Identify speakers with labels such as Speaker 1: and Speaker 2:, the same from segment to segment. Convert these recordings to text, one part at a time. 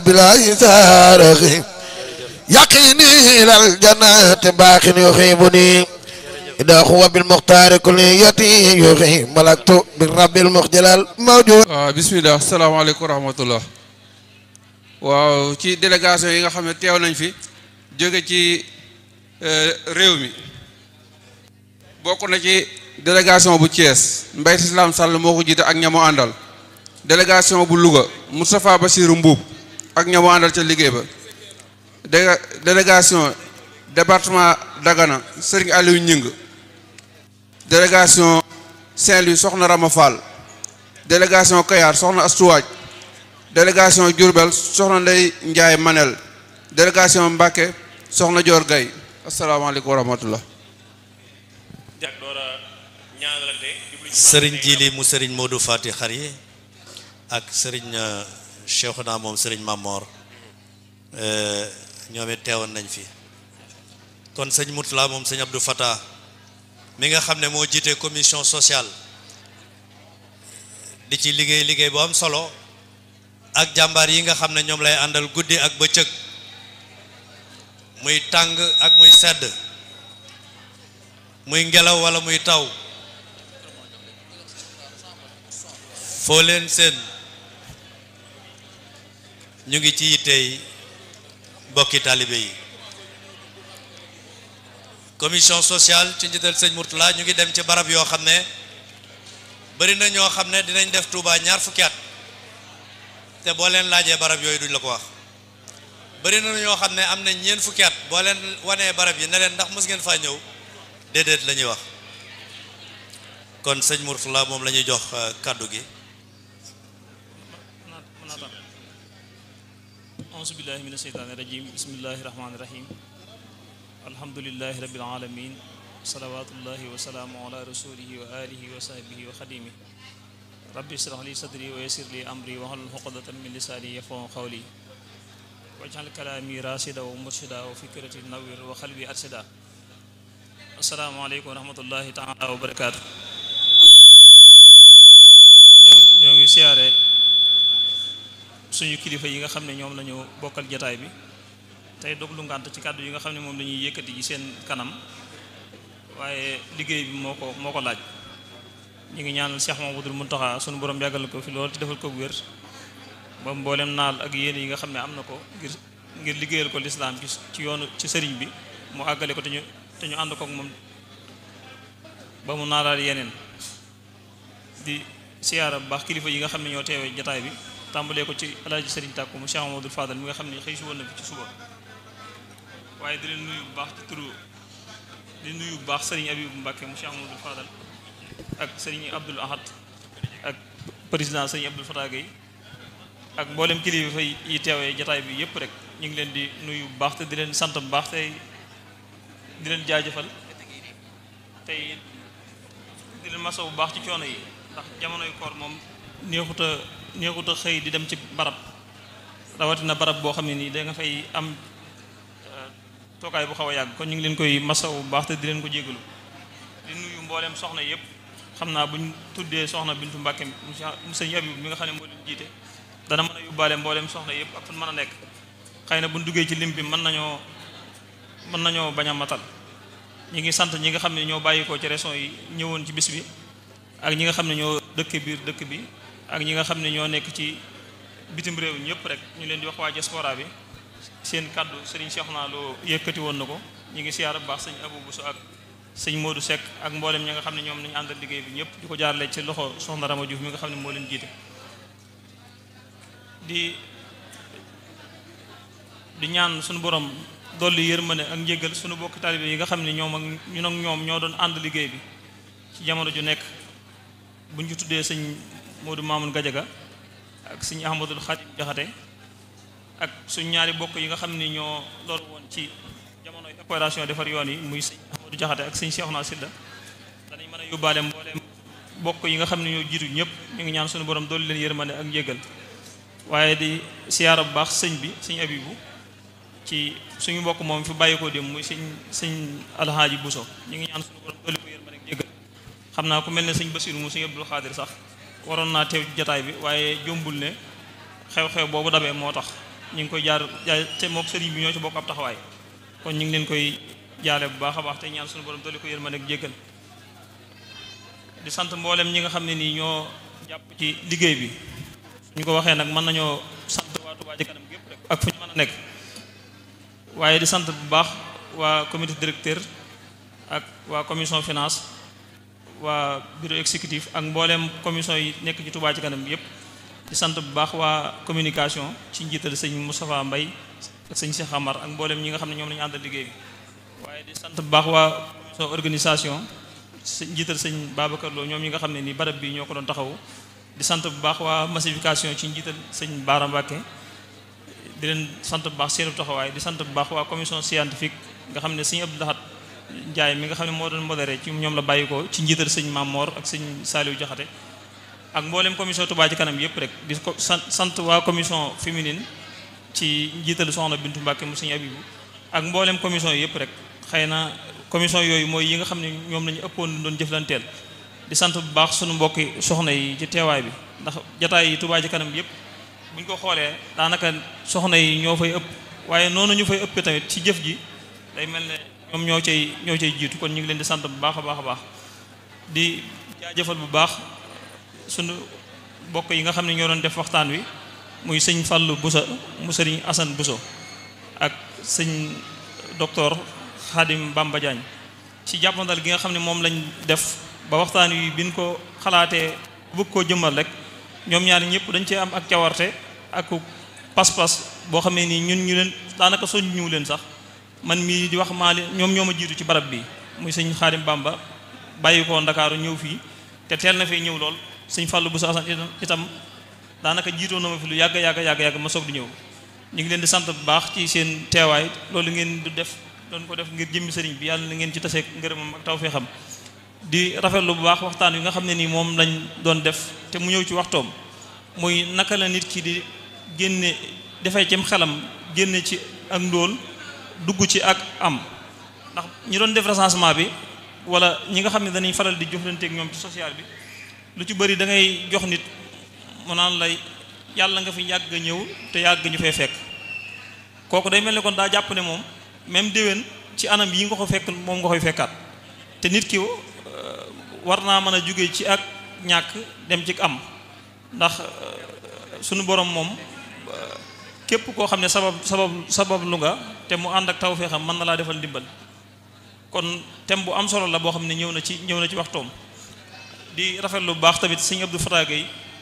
Speaker 1: بلا يزارغ يقيني إلى الجنة باق يخيبني إذا هو بالمختار كليتي يخي ملكت بالرب المخجل الموجود
Speaker 2: بسم الله السلام عليكم ورحمة الله waaw ci délégation yi nga xam ne teew nañ fi jóge ci euh, réew mi bokk na ci délégation bu Thiès Mbaye Islam Sall moo ko jiite ak ñamu àndal délégation bu Louga Moustapha Bassirou Mbuub ak ña mu àndal ca liggéey ba délégation département Dagana Serigne Aliou Ñing délégation Saint-Louis soxna Rama Fall délégation soxna Astuwaaj délégation Diourbel soxna Ndey Njaay Manel délégation Mbàkke soxna Joor Gay
Speaker 3: asalaamaaleykum wa rahmatullah sëriñ Jili mu sëriñ Modou Fati Xari ak sëriñ cheikhu naa moom sëriñ Mamor eh, ñoom it nañ fi kon sëñ Mourtala moom sëñ Abdou Fata mi nga xam ne moo jiite commission sociale di ci liggéey liggéey bu am solo ak jàmbaar yi nga xam ne ñoom lay àndal guddi ak bëccëg muy tàng ak muy sedd muy ngelaw walla muy taw foo leen seen ñu ngi ci yité mbokki talibé yi commission sociale ci njiital sëñ Mourtala ñu ngi dem ci barab yo xamné bari na ño xamné dinañ def Touba ñaar fukki at te bo leen laajee barab yoy duñ la ko wax bari na ño xamné amna ñeen fukki at bo leen barab yi na leen ndax mus ngeen fa ñew la wax kon seigne Mourtala moom la jox cadeau euh, gi
Speaker 4: أعوذ بالله من الشيطان الرجيم بسم الله الرحمن الرحيم الحمد لله رب العالمين صلوات الله وسلام على رسوله وآله وصحبه وخديمه رب اشرح لي صدري ويسر لي أمري واحلل عقدة من لساني يفقهوا قولي واجعل كلامي راشدا ومرشدا وفكرتي نور وقلبي أرشدا السلام عليكم ورحمة الله تعالى وبركاته نعم نعم siyaare suñu kilifa yi nga xamne ñom lañu bokal jotaay bokkal jataay bi tey doglu ngant ci kàddu yi nga xamne mom moom yëkëti ci seen kanam waye liggéey bi moko moko laaj ñi ngi ñaanal Cheikh Mamadou muntaha suñu borom yagal ko fi lool ci defal ko wër ba mboolem naal ak yeen yi nga xamne amna am ko ngir ngir liggéeyal ko l'islam ci ci yoonu ci sëriñ bi mu àggale ko te tañu and ko ak mom ba mu naalal yeneen di siyaara ba baax kilifa yi nga xamne ñoo teewe jotaay bi tàmbalee ko ci alaaji sëriñ tàkku mu Cheikh Amadou Fadal mi nga xam ne xëy si na fi ci suba waaye di leen nuyu bu baax ci turu di nuyu bu baax sëriñ Abibu Mbàkke mu Cheikh Amadou Fadal ak sëriñ Abdoul Ahad ak président sëriñ Abdoul Fatah Gueye ak mboolem kilifa yi teewee jataay bi yëpp rek ñu ngi leen di nuyu bu baax te di leen sant bu baax tey di leen jaajëfal tey di leen masaw bu baax ci coono yi ndax jamonoy koor moom neexuta néexut a xëy di dem ci barab rawatina barab boo xam ne nii da nga fay am euh, tookaay bu xaw a yàgg kon ñu ngi leen koy massa bu baax te di leen ko jégalu di nuyu mbooleem soxna yëpp xam naa bu ñu tuddee soxna Bintu Mbàkke mu muse Abib mi nga xam ne moo leen jiite dana mën a yóbbaale mbooleem soxna yëpp ak fu a nekk xëy na buñ duggee ci lim bi mën nañoo mën nañoo bañ a matal ñi ngi sant ñi nga xam ne ñoo bàyyikoo ci région yi ñëwoon ci bis bi ak ñi nga xam ne ñoo dëkk biir dëkk bi ak ñi nga xam ño nek ci bitim rew ñëpp rek ñu leen di wax wa diaspora bi seen kaddu serigne Cheikh na lo yëkkati won nako ñi ngi siyar bu baax sëñ Abou Bousso ak serigne Modou sek ak mbolem ñi nga xam ñom ñoom andal liggey bi ñëpp di jaarale ci loxo soxna Rama Diouf mi nga xam mo leen jité di di ñaan suñu borom dolli yermane ak njéggal suñu bokk talib yi nga xam ñom ak ñun ak ñom ño doon ànd liggey bi ci jamono ju nek buñ ci tuddee moo Modou Mamoun Gadiaga ak suñu Ahmadul Khadim Jaxate ak suñ ñaari bokk yi nga xam ni ñoo lool woon ci jamonoy opération defar yoon yi muy sëñ Ahmadou Jaxate ak sëñ Cheikh Sidda danañ mën a yóbbaale mboolem bokk yi nga xam ne ñoo jiitu ñëpp ñu ngi ñaan suñu borom doolu leen yërmande ak njëgal waaye di siyaara bu baax sëñ bi sëñ Abibu ci suñu mbokk moom fi bàyyi ko dem muy sëñ sëñ Alhaaji Buso ñu ngi ñaan suñu borom doolu ko yërmande ak njëgal xam naa ku mel ne sëñ Basiru mu sëñ Abdul waroon naa teew jataay bi waaye jombul ne xew-xew boobu dabee moo tax ñu ngi koy jaar te mook sëriñ bi ñoo ci bokk ab taxawaay kon ñu ngi leen koy jaale bu baax a baax te ñaan suñu borom dolli ko yërmande ak jéggal di sant mboolem ñi nga xam ne nii ñoo jàpp ci liggéey bi suñ ko waxee nag mën nañoo sant waa Touba Kanam gépp rek ak fu ñu mën a nekk waaye di sant bu baax waa comité directeur ak waa commission finance wa biro exécutif ak mbollem commission yi nek ci Touba ci kanam yep di sant bu baax wa communication ci njital seigne Moustapha mbay ak seigne Cheikh Amar ak mbollem ñi nga xamne ñom lañu la liggey bi waye di sant bu baax wa so organisation njital seigne Babacar Lo ñom ñi nga xamne ni barab bi ñoko don taxaw di sant bu baax wa massification ci njital seigne baram bakke di len sant bu baax seenu taxaway di sant bu baax wa commission scientifique nga xamne seigne Abdou Njaay mi nga xam ne moo doon modéré ci ñoom la bàyyi ko ci njiital sëñ Mamor ak sëñ Saliou Jaxate ak mboolem commission Touba ci kanam yëpp rek di ko sant waa commission féminine ci njiital soxna Bintu Mbàkke mu sëñ Abibu ak mboolem commission yëpp rek xëy na commission yooyu mooy yi nga xam ne ñoom la ñu doon jëflanteel di bu baax suñu mbokki soxna yi ci teewaay bi ndax jataay yi Touba ci kanam yëpp bu ñu ko xoolee daanaka soxna yi ñoo fay ëpp waaye noonu ñu fay ëpp tamit ci jëf ji day mel ne ñoom ñoo cay ñoo cay jiitu kon ñu ngi leen di sant bu baax a baax a baax di jaajëfal bu baax sunu bokk yi nga xam ne ñoo doon def waxtaan wi muy sëñ Fallou busa mu sëriñ Assane Bousso ak sëñ docteur Khadim Bamba Diagne ci jàppandal gi nga xam ne moom lañ def ba waxtaan wi biñ ko xalaatee bëgg koo jëmmal rek ñoom ñaar ñëpp dañ cee am ak cawarte ak pas-pas boo xam ne nii ñun ñu leen daanaka soññu leen sax man mi di wax mali ñom ñoma ma ci barab bi muy sëñ khadim Bamba bayiko dakaru ñew fi te tel na fi ñew lol sëñ fallu bu Assane itam danaka jiitoo na ma fi lu yag yag yag yag ma sok di ñew ñi ngi leen di sante bu baax ci seen teewaay loolu ngeen du def don ko def ngir jëmm sëriñ bi yalla na ngeen ci taseeg ngërëmam ak tawfeexam di rafetlu bu baax waxtaan wi nga xamne ni mom lañ doon def te mu ñew ci waxtom muy naka la nit ki di genné defay ci xelam genné ci ak ndol dugg ci ak am ndax ñi doon def recensement bi wala ñi nga xam ne danañ faral di jëflanteeg ñoom ci social bi lu ci bëri da ngay jox nit mu naan lay yàlla nga fi yàgg ñëw te yàgg ñu fay fekk kooku day mel ni kon daa jàpp ne moom même déwén ci anam yi nga ko fekk moom nga koy fekkaat te nit ki euh, war naa mën a jóge ci ak ñàkk dem ci am ndax euh, sunu borom moom euh, képp koo xam ne sabab sabab sabab lu nga te mu ànd ak tawféexam mën na laa defal ndimbal kon thème bu am solo la boo xam ne ñëw na ci ñëw na ci waxtoom di rafet lu baax tamit sëñ Abdou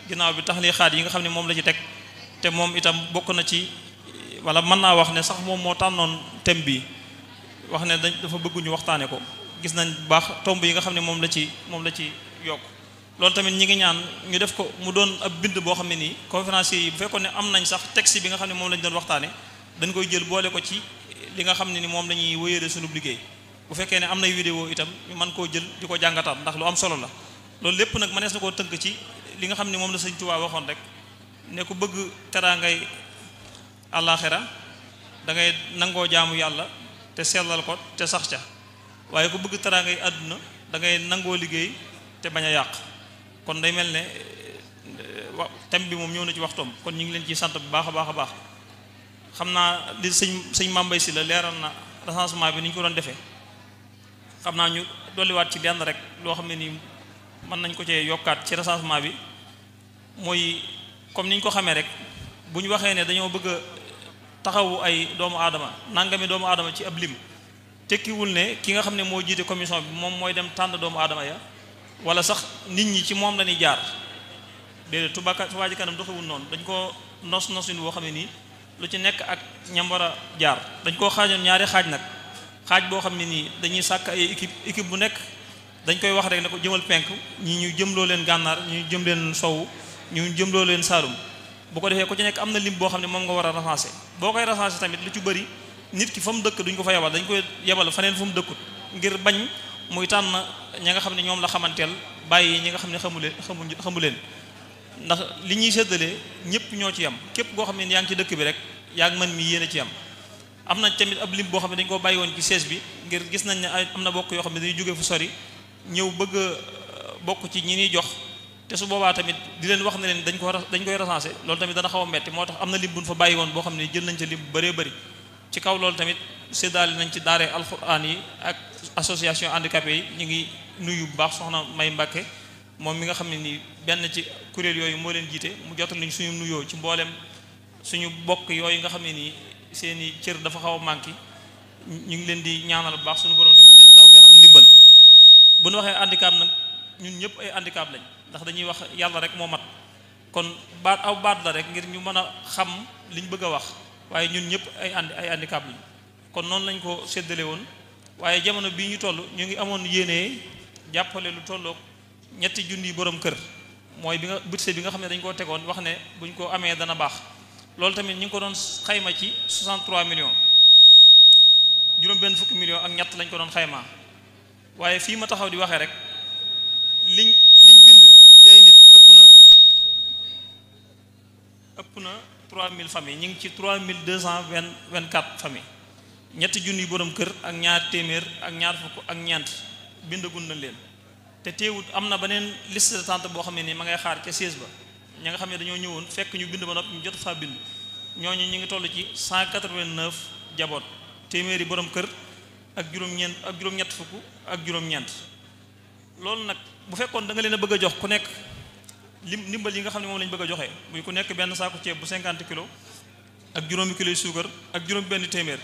Speaker 4: ginnaaw bi tax li xaat yi nga xam ne moom la ci teg te moom itam bokk na ci wala mën naa wax ne sax moom moo tànnoon thème bi wax ne dañ dafa bëgg ñu waxtaane ko gis nañ bu baax tomb yi nga xam ne moom la ci moom la ci yokk loolu tamit ñi ngi ñaan ñu def ko mu doon ab bind boo xam ne nii conférencier yi bu fekkoon ne am nañ sax texti bi nga xam ne moom lañ doon waxtaane dañ koy jël boole ko ci li nga xam ne ni moom lañuy wéyale sunub liggéey bu fekkee ne am nay vidéo itam ñu mën koo jël di ko jàngataat ndax lu am solo la loolu lépp nag mënees na koo tënk ci li nga xam ne moom la sëñ Tuubaa waxoon rek ne ku bëgg teraangay àllaaxira da ngay nangoo jaamu yàlla te sellal ko te sax ca waaye ku bëgg teraangay àdduna dangay nangoo liggéey te bañ a yàq kon nday mel ne thème bi moom ñëw na ci waxtoom kon ñu ngi leen ci sant bu baax a baax a baax xam naa li sëñ sëñ mambay si la leeral na recensement bi ni ñu ko doon defee xam naa ñu dolliwaat ci lenn rek loo xam ne nii mën nañ ko cee yokkaat ci recensement bi mooy comme ni ñu ko xamee rek bu ñu waxee ne dañoo bëgg a ay doomu aadama nangami doomu aadama ci ab lim tekkiwul ne ki nga xam ne moo jiite commission bi moom mooy dem tànn doomu aadama ya wala sax nit ñi ci moom la ñuy jaar déedéet Touba Touba Ca Kanam doxewul noonu dañ ko nos nosin woo xam ne nii lu ci nekk ak ñam war a jaar dañ koo xaajoon ñaari xaaj nag xaaj boo xam ne nii dañuy sàkk ay équipe équipe bu nekk dañ koy wax rek ne ko jëmal penk ñi ñu loo leen gànnaar ñi ñu jëm leen sowu ñu jëmloo leen saalum bu ko defee ku ci nekk am na lim boo xam ne moom nga war a recensé boo koy recensé tamit lu ci bëri nit ki fa mu dëkk duñ ko fa yebal dañ koy yebal faneen fu mu dëkkut ngir bañ muy tànn ña nga xam ne ñoom la xamanteel bàyyi ñi nga xam ne xamu leen xamu xamu leen ndax li ñuy séddalee ñëpp ñoo ci yam képp goo xam ne yaa ngi ci dëkk bi rek yaa ngi mën mi yéen ci yam am na tamit ab lim boo xam ne dañ ko bàyyi woon ci sees bi ngir nañ ne am na bokk yoo xam ne dañuy jóge fu sori ñëw bëgg euh, bokk ci ñi ñuy jox te su boobaa tamit di leen wax ne leen dañ ko dañ koy recensé loolu tamit dana a metti moo tax na lim buñ fa bàyyi woon boo xam ne jël nañ ca lim bu bëree bëri ci kaw loolu tamit séddaale nañ ci daare alxuraan yi ak association handicapé yi ñu ngi nuyu bu baax soxna May Mbàkke moom mi nga xam ne nii benn ci kuréel yooyu moo leen jiite mu jotal nañ suñu nuyoo ci mbooleem suñu bokk yooyu nga xam ne nii seen i cër dafa xaw a manqué ñu ngi leen di ñaanal bu baax suñu borom dafa leen tawfeex ak ndimbal bu ñu waxee handicap nag ñun ñëpp ay handicap lañ ndax dañuy wax yàlla rek moo mat kon baat aw baat la rek ngir ñu mën a xam liñ bëgg a wax waaye ñun ñëpp ay andi ay handicap lañ kon noonu lañ ko séddale woon waaye jamono bii ñu toll ñu ngi amoon yéene jàppale lu tollook ñetti junniy borom kër. mooy bi nga budget bi nga xam ne dañ koo tegoon wax ne buñ ko amee dana baax loolu tamit ñi ngi ko doon xayma ci 63 million juróom-benn fukki ak ñett lañ ko doon xayma waaye fii ma taxaw di waxee rek liñ liñ bind ci ëpp na ëpp na 3000 familles ñu ngi ci 3224 familles ñetti junni borom kër ak ñaar téeméer ak ñaar fukk ak ñeent bind bindagun na leen te teewut am na beneen liste d'attente boo xam ne nii ma ngay xaar ca siège ba ña nga xam ne dañoo ñëwoon fekk ñu bind ba noppi ñu jot faa bind ñooñu ñu ngi toll ci 189 jaboot téeméeri borom kër ak juróom-ñeent ak juróom-ñett fukk ak juróom loolu nag bu fekkoon da leen bëgg a jox ku nekk lim ndimbal yi nga xam ne moom lañ bëgg a joxe muy ku nekk benn saako ceeb bu 50 kilos ak juróomi kilo yu suukar ak juróom-benn téeméer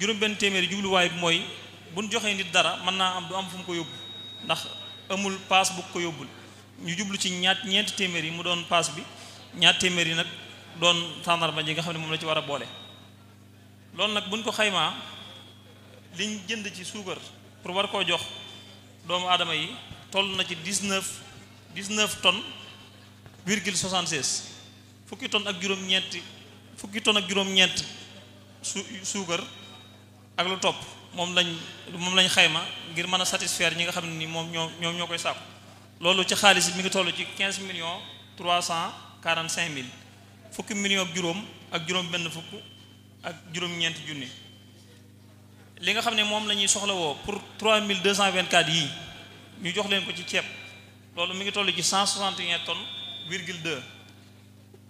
Speaker 4: juróom-benn téeméer yi jubluwaay bi mooy buñ joxee nit dara mën naa am du am fu mu ko yóbbu ndax amul pass bu ko yobul ñu jublu ci ñaat ñent téeméer yi mu doon pass bi ñaat téeméer yi nak doon tàndarma ji nga xam mom la ci wara bolé lool nak buñ ko xeyma liñ jënd ci suukar pour war ko jox doomu adama yi toll na ci 19 19 ton 0.76 fukki ton ak juroom ñent fukki ton ak juroom ñent su ak lu top moom lañ moom lañ xayma ngir mën a satisfaire ñi nga xam ne ni moom ñoo ñoom ñoo koy sàkku loolu ci xaalis mi ngi toll ci quinze millions trois cent quarante cinq mille fukki millions juróom ak juróom benn fukk ak juróom-ñeenti junni li nga xam ne moom la ñuy woo pour trois mille deux cent vingt quatre yi ñu jox leen ko ci ceeb loolu mi ngi toll ci cent soixante et un tonnes virgule deux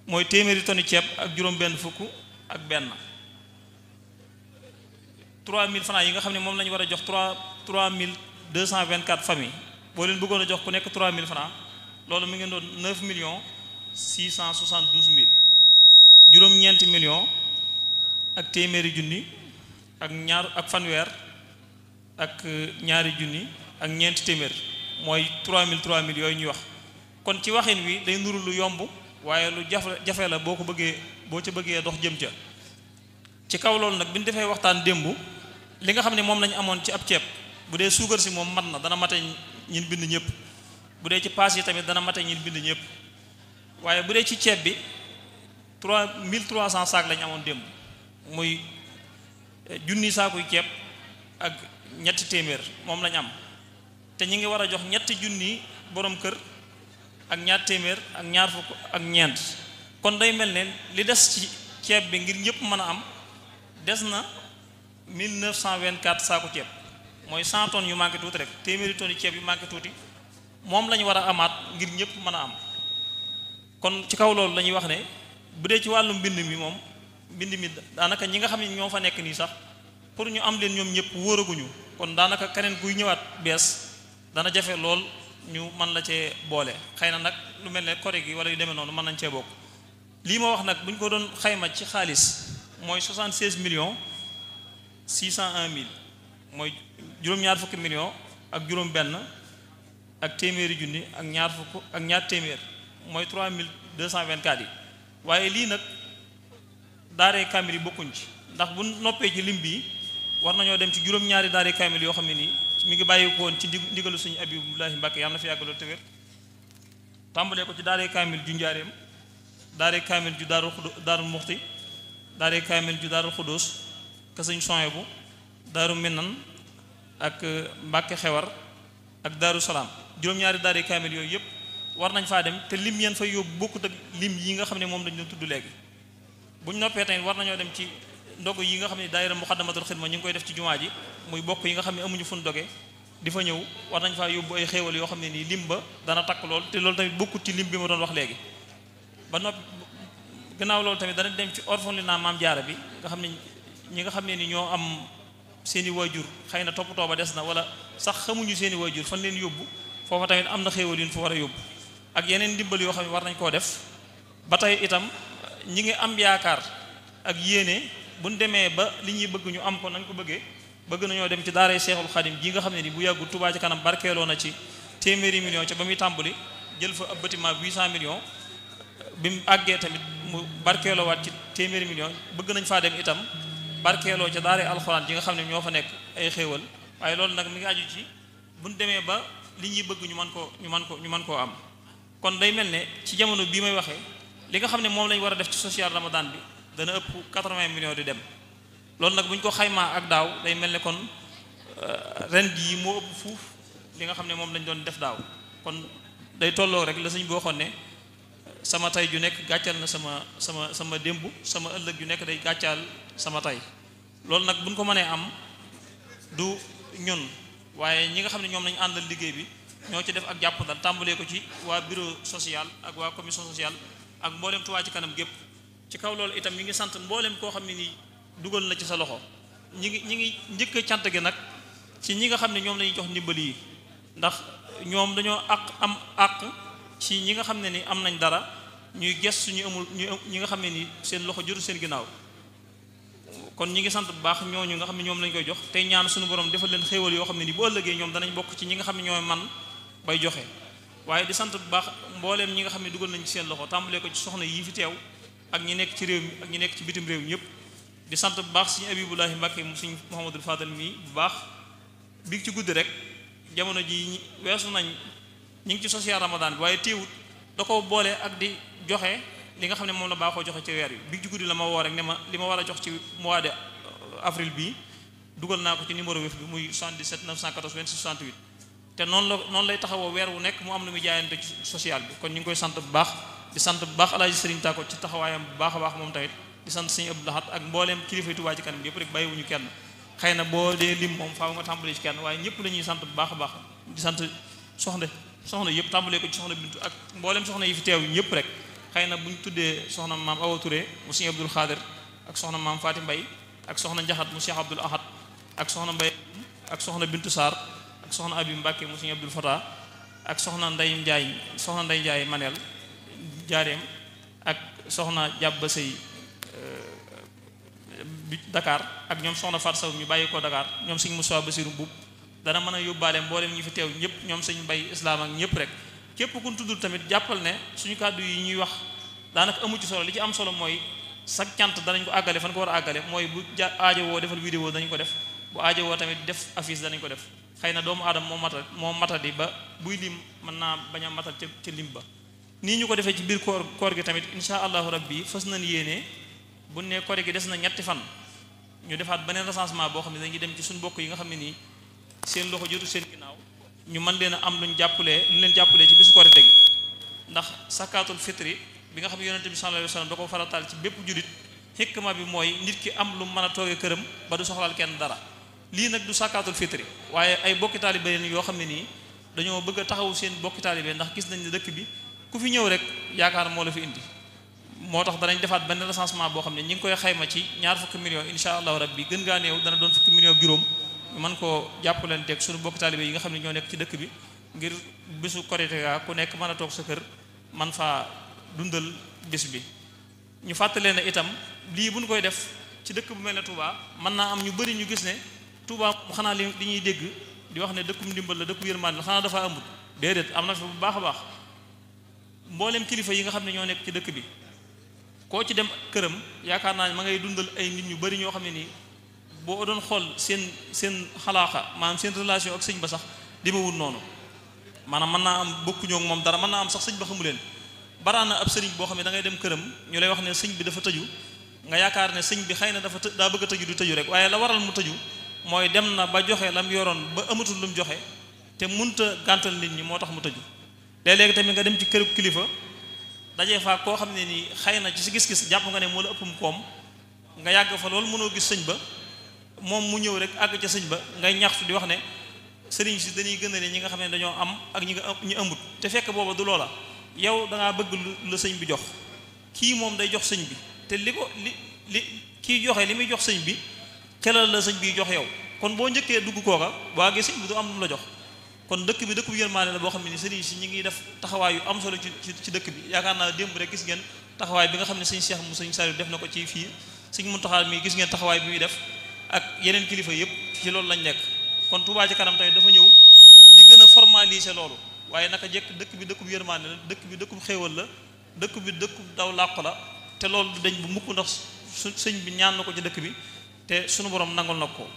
Speaker 4: mooy téeméeri tonnes ceeb ak juróom benn fukk ak benn 3000 francs yi nga xam ne moom la ñu war a jox 3 3224 famille boo leen bëggoon a jox ku nekk 3000 francs loolu mi ngeen doon 9 millions 672 mille juróom-ñeenti million ak téeméeri junni ak ñaar ak fanweer ak euh, ñaari junni ak ñeenti téeméer mooy 3000 3000 yooyu ñuy wax kon ci waxin wi day nuru lu yomb waaye lu jafe jafe la boo ko bëggee boo ca bëggee dox jëm ja ci kaw loolu nag bi ñu defee waxtaan démb li nga xamne mom moom lañ amoon ci ab ciep budé sugar ci si moom mat na dana maté ñin bind ñëpp budé ci pass yi tamit dana maté ñin bind ñëpp waye budé ci ciep bi 3300 sac trois cent saak lañ amoon démb muy eh, junni saakuy ceeb ak ñetti témèr mom lañ am te ñi nga wara jox ñetti jooni borom kër ak ñaar témèr ak ñaar fuk ak ñent kon day melne li dess ci ciep bi ngir ñëpp mëna am dess na cent 1924 saako ceeb mooy 100 tonnes yu manqué tuuti rek téeméeri tonnes yu ceeb yu manqué tuuti moom la ñu war a amaat ngir ñëpp mën a am kon ci kaw loolu la wax ne bu dee ci wàllu mbind mi moom mbind mi daanaka ñi nga xam ne ñoo fa nekk nii sax pour ñu am leen ñoom ñëpp wóoraguñu kon daanaka keneen kuy ñëwaat bees dana jafe lool ñu mën la cee boole xëy na nag lu mel ne kori gi wala yu demee noonu mën nañ cee bokk lii ma wax nag bu ñu ko doon xayma ci xaalis mooy 76 millions six cent un mille mooy juróom-ñaar fukki million ak juróom-benn ak téeméeri junni ak ñaar fukk ak ñaar téeméer mooy trois mille deux cent vingt quatre yi waaye lii nag daaree kaamil yi bokkuñ ci ndax bu noppee ci lim bi war nañoo dem ci juróom-ñaari daaree kaamil yoo xam ne nii mi ngi bàyyi ko woon ci ndigalu suñu Abibulahi Mbàkke yàlla na fi yàgg loolu te tàmbalee ko ci daaree kaamil ju njaareem daaree kaamil ju daaru daaru muxti daaree kaamil ju daaru xudóos te sëñ soy bu daaru minan ak mbàkke xewar ak daaru salaam juróom-ñaari daari kaamil yooyu yëpp war nañ faa dem te lim yeen fay yóbbu bokkut ak lim yi nga xam ne moom lañu doon tudd léegi buñ noppee tamit war nañoo dem ci ndog yi nga xam ne daayira muxaddamatul xidma ñu ngi koy def ci jumaa ji muy bokk yi nga xam ne amuñu fun doge di fa ñëw war nañ faa yóbbu ay xewal yoo xam ne nii lim ba dana takk lool te loolu tamit bokkut ci lim bi ma doon wax léegi ba noppi gannaaw loolu tamit dana dem ci orphelinat maam jaara bi nga ñi nga xam ne ni ñoo am seeni waajur xëy na toppatoo ba des na wala sax xamuñu seeni waajur fan leen yóbbu foofa tamit am na xéewal yu fa war a yóbbu ak yeneen ndimbal yoo xam ne war nañ koo def ba tey itam ñi ngi am yaakaar ak yéene buñ demee ba li ñuy bëgg ñu am ko nañ ko bëggee bëgg nañoo dem ci daaray Seexul Xadim ji nga xam ne ni bu yàggu Touba ci kanam barkeeloo na ci téeméeri million ca ba muy tàmbali jël fa ab bâtiment 800 millions bi mu àggee tamit mu barkeeloowaat ci téeméeri million bëgg nañ faa dem itam barkeeloo ca daara alxuraan ji nga xam ne ñoo fa nekk ay xéewal waaye loolu nag mi ngi aju ci buñ demee ba li ñuy bëgg ñu mën koo ñu man ko ñu mën koo am kon day mel ne ci jamono bii may waxee li nga xam ne moom lañ war a def ci social ramadan bi dana ëpp 80 millions di dem loolu nag bu ñu ko xaymaa ak daaw day mel ne kon euh, ren yi moo ëpp fuuf li nga xam ne moom lañ doon def daaw kon day tolloo rek la sëñ bi waxoon ne sama tey ju nekk gàccal na sama sama sama démb sama ëllëg ju nekk day gàccal sama tay loolu nak buñ ko mënee am du ñun waye ñi nga xamni ñom lañu andal liggéey bi ñoo ci def ak jàppandal tambalé ko ci wa bureau social ak wa commission social ak mboolem tuwa ci kanam gep ci kaw loolu itam ñi ngi sant mboolem ko xamni ni duggal na ci sa loxo ñi ngi ñi ngi ñëk ciant gi nak ci ñi nga xamni ñom lañu jox ndimbal yi ndax ñom dañoo ak am ak ci ñi nga xamni ni am nañ dara ñuy gess ñu amul ñi nga xamni ni seen loxo juru seen ginaaw kon ñi ngi sant bu baax ñooñu nga xam ne ñoom lañ koy jox tey ñaan suñu borom defal leen xéewal yoo xam ne ni bu ëllëgee ñoom danañ bokk ci ñi nga xam ne ñooy man bay joxe waaye di sant bu baax mbooleem ñi nga xam ne dugal nañ ci seen loxo tàmbalee ko ci soxna yi fi teew ak ñi nekk ci réew ak ñi nekk ci bitim réew ñëpp di sant bu baax suñu abibulaahi mbàkke mu suñ muhammadul fadal mii bu baax bi ci guddi rek jamono ji weesu nañ ñi ngi ci social ramadan bi waaye téewut da koo boole ak di joxe li nga xam ne moom la baaxoo joxe ci weer bi bi ci guddi la ma woo rek ne ma li ma war a jox ci mois de euh, avril bii dugal naa ko ci numéro wéef bi muy 77 914 26 68 te noonu la lay taxawoo weer wu nekk mu am lu muy jaayante ci social bi kon ñu ngi koy sant bu baax di sant bu baax alaaji sëriñ Tako ci taxawaayam bu baax a baax moom tamit di sant sëñ Abdou Lahat ak mbooleem kilifa Tuubaa ci kanam yëpp rek bàyyiwuñu kenn xëy na boo dee lim moom faaw ma tàmbalee ci kenn waaye ñëpp la ñuy sant bu baax a baax di sant soxna soxna yëpp tàmbalee ko ci soxna Bintu ak mbooleem soxna yi fi teew ñëpp rek xëy na bu ñu tuddee soxna maam Awa Touré mu Sëriñ Abdul Xaadir ak soxna maam Faati Mbay ak soxna Njaxat mu Cheikh Abdul Ahad ak soxna Mbay ak soxna Bintu Sarr ak soxna Abi Mbàkke mu Sëriñ Abdul ak soxna Nday Njaay soxna Nday Njaay Maneel Jaareem ak soxna Jàbba Sëy euh, Dakar ak ñoom soxna Faat sawu ñu bàyyi ko Dakar ñoom Sëriñ Musaa Basiru Mbuub dana mën a yóbbaale mboolem ñi fi teew ñëpp ñoom sëñ Mbay Islaam ak ñëpp rek képp ku ñu tamit jàppal ne suñu kàddu yi ñuy wax daanaka amu ci solo li ci am solo mooy sag cant danañ ko àggale fan ko war a àggale mooy bu ja aajo woo defal vidéo danañ ko def bu aajo woo tamit def affiche danañ ko def xëy na doomu aadama moo mata moo matadi ba buy lim mën naa bañ a matal ca ca lim ba nii ñu ko defee ci biir koor koor gi tamit insha allahu rabbi fas nañ yéenee bu ne koor gi des na ñetti fan ñu defaat beneen recensement boo xam ne dañuy dem ci suñu bokk yi xam ne nii seen loxo jotu seen ginnaaw ñu man dee a am luñ jàppalee luñ leen jàppalee ci bisu korite gi ndax sakaatul fitri bi nga xam ne yonente bi sallallahu alayhi wasallam da ko farataal ci bépp julit xikma bi mooy nit ki am lu mën a toogee këram ba du soxlaal kenn dara lii nag du sakaatul fitri waaye ay bokki taalibe leen yoo xam ne nii dañoo bëgg taxawu seen bokki taalibe ndax gis nañ ne dëkk bi ku fi ñëw rek yaakaar moo la fi indi moo tax danañ defaat benn recensement boo xam ne ñi ngi koy xayma ci ñaar fukki millions insha allahu rabbi gën gaa néew man koo jàppalanteeg suñu bokk taalibe yi nga xam ne ñoo nekk ci dëkk bi ngir bésu korite ga ku nekk mën a toog sa kër man faa dundal bis bi ñu fàttalee ne itam lii nu koy def ci dëkk bu mel ne tuubaa mën naa am ñu bari ñu gis ne Touba xanaa li ñuy dégg di wax ne dëkkum ndimbal la dëkku yërmande la xanaa dafa amul déedéet am na fi bu baax a baax mboolem kilifa yi nga xam ne ñoo nekk ci dëkk bi koo ci dem këram yaakaar naa ma ngay dundal ay nit ñu bëri ñoo xam ne nii bo doon xol sen sen xalaaxa manam sen relation ak seigne ba sax wul nonu manam man na am bokku ñok mom dara man na am sax seigne ba xamu leen ab seigne bo xam da ngay dem kërëm ñu lay wax ne seigne bi dafa tëju nga yaakar ne seigne bi xeyna dafa da bëgg du tëju rek waye la waral mu tëju moy dem na ba joxe lam yoron ba amatul lum mu joxe te munta gantal nit ñi motax mu tëju léeg-léeg tamit nga dem ci kër kilifa dajé fa ko xam ni xeyna ci gis-gis japp nga ne mo la ëppum kom nga yagg fa lol mëno gis seigne ba moom mu ñëw rek àgg ca sëñ ba ngay ñax ñaxtu di wax ne sëriñ si dañuy gën a ñi nga xam ne dañoo am ak ñi nga ñu ëmbut te fekk booba du loola yow da bëgg lu la sëñ bi jox kii moom day jox sëñ bi te li ko li li joxe li muy jox sëñ bi xelal la sëñ bi jox yow kon boo njëkkee dugg kooka waa gi sëñ bi du am lu la jox kon dëkk bi dëkk bu yërmaane la boo xam ne ngi def taxawaay yu am solo dëkk bi yaakaar naa démb rek gis ngeen taxawaay nga xam ne sëñ Cheikh mu sëñ Saliou def na ko ci fii sëñ Mountakha mi gis ngeen taxawaay bi muy def ak yeneen kilifa yëpp ci loolu lañ nekk kon Touba ci kanam tamit dafa ñëw di gën a formaliser loolu waaye naka jekk dëkk bi dëkku dëkkub yërmaande la dëkk bi dëkkub xéewal la dëkk bi dëkkub daw làqu la te loolu du dañ bu mukk ndax su sëñ bi ñaan na ko ci dëkk bi te suñu borom nangul na ko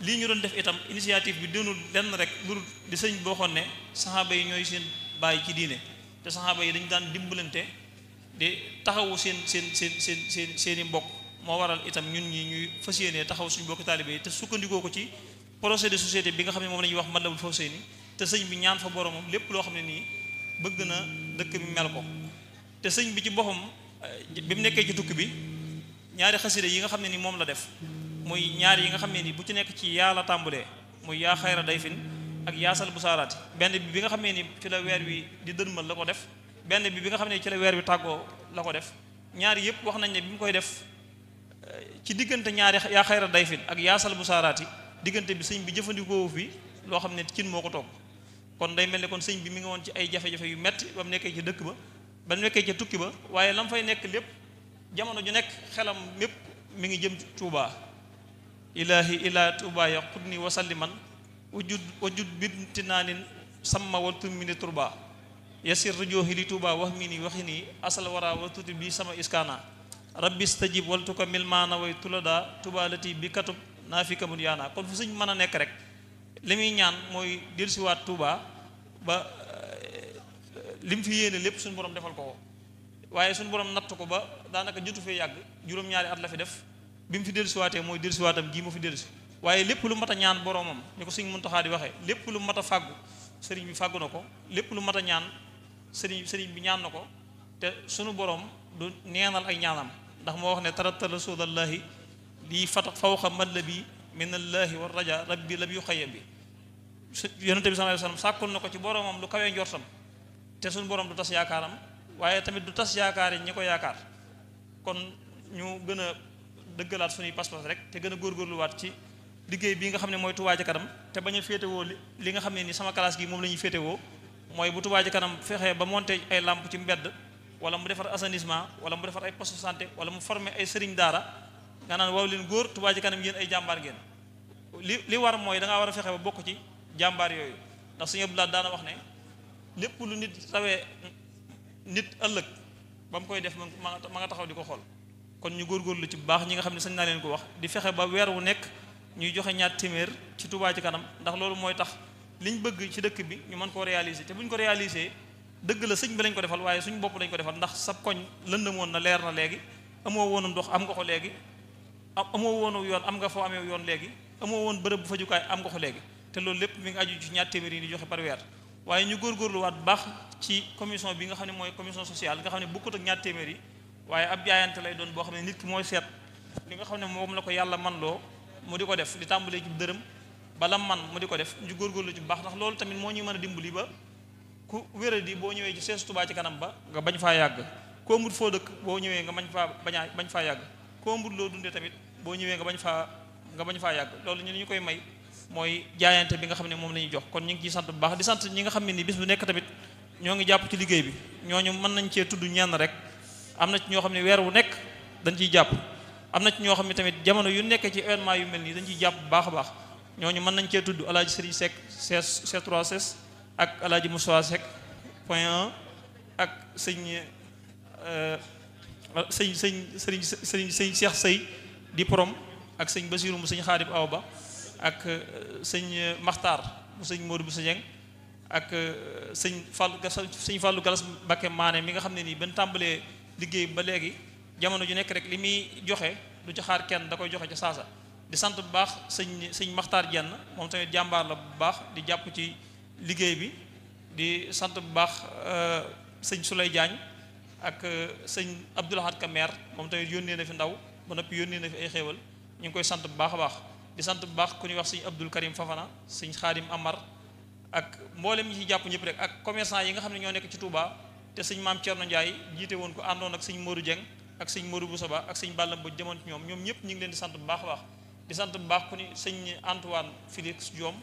Speaker 4: lii ñu doon def itam initiative bi doonul lenn rek lu di sëñ boo xoon ne saxaaba yi ñooy seen bàyyi ci diine te saxaaba yi dañu daan dimbalante di taxawu seen seen seen seen seen seen i mbokk moo waral itam ñun ñi ñuy fas yéenee taxaw suñu bokki taalibe te sukkandikoo ko ci projet de société bi nga xam ne moom la ñuy wax Matlabul Fawzayni te sëñ bi ñaan fa boromam lépp loo xam ne nii bëgg na dëkk bi mel ko te sëñ bi ci boppam eh, bi mu ci tukki bi ñaari xasida yi nga xam ne ni moom la def muy ñaari yi nga xam ne nii bu ci nekk ci yaa la tàmbulee muy yaa xayra dayfin ak yaasal bu saaraati benn bi bi nga xam ne ni ci la weer wi di dënmal la ko def benn bi bi nga xam ne ci la weer wi tàggoo la ko def ñaari yëpp wax nañ ne bi mu koy def ci digënté ñaari ya khayra dayfin ak ya sal busarati digënté bi sëñ bi jëfandikoo fi lo xamné ci cin moo ko kon day melni kon sëñ bi mi ngi won ci ay jafé jafé yu metti bam nekké ci dëkk ba bam nekké ci tukki ba waye lam fay nekk lepp jamono ju nekk xelam mepp mi ngi jëm ilahi ila ya wa salliman wujud wujud samma wa mini turba yasir rujuhi li Tuubaa wahmini wahini asal wara wa tuti bi sama iskana rabbi stajib waltuka mil mana way tulada tubalati bi katub nafika mun yaana kon fu seug mën nek nyan rek limi ñaan moy dirsi wat tuba ba eh, lim fi yene lepp sun borom defal ko waye sun borom natt ko ba danaka jotu fe yag juróom-ñaari at la fi def fi dirsi waté moy dirsi watam gi mo fi dirsi waye lepp lu mata ñaan boromam ni ko sëñ Muntaxa di waxe lepp lu mata fagu fàggu bi nyan nako lepp lu mata ñaan bi ñaan nako te sunu borom du neenal ay ñaanam ndax moo wax ne tarata rasulallahi lii fata fawqa malla bi min allahi wa raja rabbi la yu xayam bi yonente bi sallallahu alayhi wasallam sàkkul na ko ci boromam lu kawee njortam te suñ borom du tas yaakaaram waaye tamit du tas yaakaar yi ñi ko yaakaar kon ñu gën a dëggalaat suñuy pas-pas rek te gën a góorgóorluwaat ci liggéey bii nga xam ne mooy Touba Ca Kanam te bañ a féetewoo li nga xam ne ni sama classe gi moom la ñuy féetewoo mooy bu Touba Ca Kanam fexee ba monté ay làmp ci mbedd wala mu defar assainissement wala mu defar ay poste santé wala mu former ay sëriñ daara nga naan waaw leen góor Touba Ca Kanam yéen ay jàmbaar ngeen li li war mooy da war a fexe ba bokk ci jàmbaar yooyu ndax Sëñ Abdoulaye daana wax ne lépp lu nit rawee nit ëllëg ba mu koy def ma nga taxaw di ko xool kon ñu lu ci bu baax ñi nga xam ne sañ naa leen ko wax di fexe ba weer wu nekk ñuy joxe ñaat téeméer ci Touba Ca Kanam ndax loolu mooy tax liñ bëgg ci dëkk bi ñu mën koo te buñ ko réaliser dëgg la sëñ bi lañ ko defal waaye suñ bopp lañ ko defal ndax sa koñ lëndëmoon na leer na léegi amoo woonum ndox am nga ko léegi amoo woonu yoon am nga foo amee yoon léegi amoo woon bërëb bu fajukaay nga ko léegi te loolu lépp mi ngi aju ci ñaar téeméer yi di joxe par weer waaye ñu góorgóorluwaat bu baax ci commission bi nga xam ne mooy commission sociale nga xam ne bokkut ak ñaar téeméer yi waaye ab jaayante lay doon boo xam ne nit ki mooy seet li nga xam ne moom la ko yàlla man loo mu di ko def di tàmbalee ci dërëm bala man mu di ko def ñu góorgóorlu ci baax ndax loolu tamit moo ñuy mën a dimbali ba ku wéradi bo ñëwé ci seesu tubaa ci kanam ba nga bañ fa yàgg ko mbut fo dëkk bo ñëwé nga bañ fa bañ fa yàgg ko mbut lo dundé tamit bo ñëwé nga bañ fa nga bañ fa yàgg loolu ñu li ñu koy may moy jaayante bi nga xamné mom lañu jox kon ñu ngi ci sant bu baax di sant ñi nga xamné ni bis bu nekk tamit ñoo ngi japp ci liggéey bi ñooñu mën nañ ci tuddu ñen rek amna ci ñoo xamné ne wu nekk dañ ci japp amna ci ñoo xamné tamit jamono yu nekk ci événement yu melni dañ ci japp bu baax a baax ñooñu mën nañ ci tuddu alaaji serigne Seck C3 16 ak El Hadj Moussa Seck point 1 ak sëñ euh, euh, sëñ sëñ sëriñ sëriñ sëñ Cheikh sëy di porom ak sëñ Basiru mu sëñ Xaadib Aw Ba ak euh, sëñ Maxtaar mu sëñ Modou bu Sëñ ak sëñ Fallou sëñ Fallou Galas Mbacké Maane mi nga xam ne nii ban tàmbalee liggéey ba léegi jamono ju nekk rek li muy joxe du ci xaar kenn da koy joxe ca saasa di sant bu baax sëñ sëñ Maxtaar Jenn moom tamit jàmbaar la bu baax di jàpp ci liggéey bi di sant bu baax euh, sëñ Souley Diagne ak euh, sëñ Abdoul Ahad Kamer moom tamit yónnee na fi ndaw ba noppi yónnee na fi ay xéewal ñu ngi koy sant bu baax a baax di sant bu baax ku ñuy wax sëñ Abdoul Karim Fafana sëñ Xaadim Amar ak mboolem ñi ci jàpp ñëpp rek ak commerçant yi xam ne ñoo nekk ci Touba te sëñ Maam Thierno Ndiaye woon ko àndoon ak sëñ Modou Dieng ak sëñ Modou Boussa Ba ak sëñ Balla Mbodj demoon ñoom ñoom ñëpp ñu ngi leen di sant bu baax a sant bu baax ku ni sëñ Antoine Félix Diome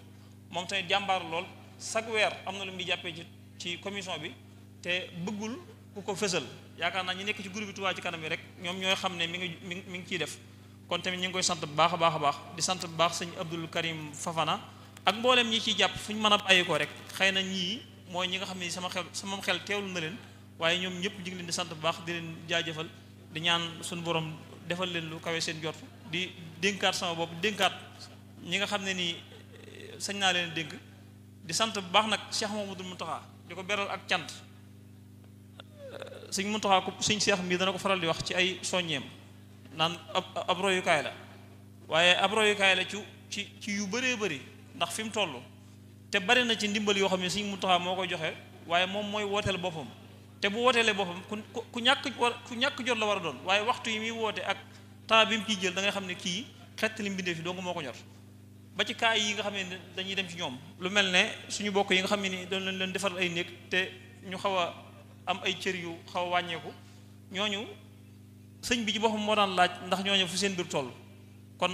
Speaker 4: moom tamit jàmbaar lool chaque weer am na lu muy jàppee ci ci commission bi te bëggul ku ko fësal yaakaar naa ñi nekk ci groupe bi Touba ci kanam yi rek ñoom ñooy xam ne mi ngi mi mi ngi ciy def kon ñu ngi koy sant bu baax a baax a baax di sant bu baax sëñ Abdul Karim Fafana ak mboolem ñi ciy jàpp fu ñu mën a bàyyi ko rek xëy na ñii mooy ñi nga xam ne sama xel sama xel teewlu na leen waaye ñoom ñëpp ñu leen di sant bu baax di leen jaajafal di ñaan suñu borom defal leen lu kawe seen jot di dénkaat sama bopp dénkaat ñi nga xam ne nii eh, sañ naa leen dénk di sant bu baax nag Cheikh Mamadou Mountakha di ko beral ak cant sëñ Mountakha ko suñ Cheikh mii dana ko faral di wax ci ay soññeem naan ab ab royukaay la waaye ab royukaay la ci ci ci yu bëree bëri ndax fi mu toll te bari na ci ndimbal yoo xam ne sëñ Mountakha moo koy joxe waaye moom mooy wooteel boppam te bu wooteelee boppam ku ku ñàkk war ku ñàkk jot la war a doon waaye waxtu yi muy woote ak temps bi mu ciy jël da nga xam ne kii xettali mbindeef yi dong moo ko ñor ba ci kaay yi nga xam ne dañuy dem ci ñoom lu mel ne suñu bokk yi nga xam ne ni doon leen leen defar ay néeg te ñu xaw a am ay cër yu xaw a wàññeeku ñooñu sëñ bi ci boppam moo daan laaj ndax ñooñu fu seen biir toll kon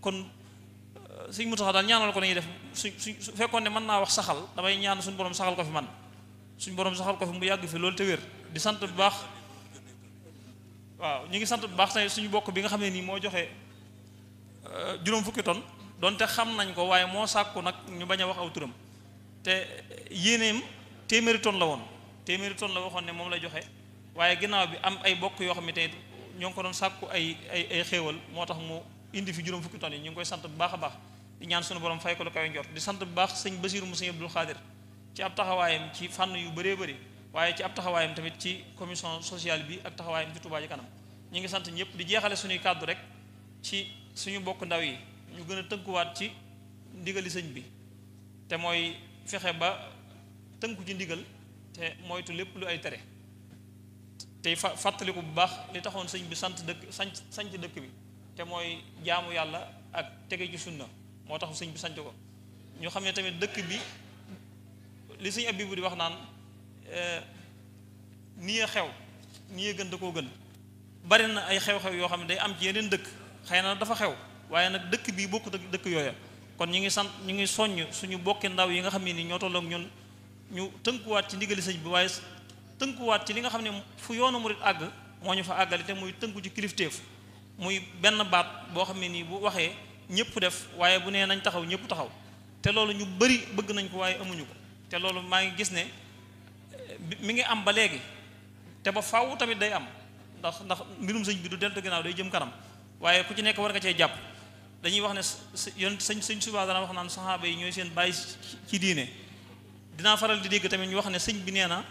Speaker 4: kon euh, sëñ mu taxaw daal ñaanal ko nañuy def su su fekkoon ne mën naa wax saxal damay ñaan suñu borom saxal ko fi man suñu borom saxal ko fi mu yàgg fi loolu te wér di sant bu baax waaw ñu ngi sant bu baax tey suñu bokk bi nga xam ne nii moo joxe euh, juróom fukki ton donte xam nañ ko waye mo sakku nak ñu baña wax aw turam te yéeneem téeméeri ton la won téméré ton la waxone mom la joxé waye ginaaw bi am ay bokk yo xam té tey ko don sakku ay ay ay xéewal motax mu indi fi juroom fukki ton yi ñu ngi koy sant bu baaxa baax di ñaan suñu borom fay ko lu kawe njort di sant bu baax sëñ basirou mu sëñ Abdul Xaadir ci ab Wa ci fann yu bëré bëré waye ci ab taxawayam tamit ci commission sociale bi ak taxawayam ci Touba ji kanam ñi ngi sant ñepp di jéxalé suñu cadre rek ci suñu bokk ndaw yi ñu gën a tënkuwaat ci ndigali sëñ bi te mooy fexe ba tënku ci ndigal te moytu lépp lu ay tere tey fa fàttaliku bu baax li taxoon sëñ bi sant dëkk sanc sanc dëkk bi te mooy jaamu yàlla ak tege ci sunna moo tax sëñ bi sanc ko ñu xam ne tamit dëkk bi li sëñ Abibu di wax naan eh, nii a xew nii a gën da koo gën bari na ay xew-xew yoo xam ne day am ci yeneen dëkk xëy na dafa xew waye nak dëkk bi bokku ak dëkk yooya kon ñi ngi sant ñi ngi soñu suñu bokki ndaw yi nga xamni ni ñoo tolok ñun ñu tënkuwaat ci ndigal señ bi waaye tënkuwaat ci li nga xamni fu yoonu murit ag moñu fa àggali te muy tënku ci kliftef muy benn baat bo xamni ni bu waxee ñepp def waye bu nee nañ taxaw ñepp taxaw te loolu ñu bari bëgg nañ ko waye amuñu ko te loolu ma ngi gis ne mi ngi am ba léegi te ba faawu tamit day am ndax ndax mbirum señ bi du delta ginnaaw day jëm kanam waye ku ci nekk war nga cey japp dañuy wax ne yoon sëñ sëñ suba dana wax naan sahaba yi ñooy seen bàyyi ci diine dina faral di dégg tamit ñu wax ne sëñ bi nee na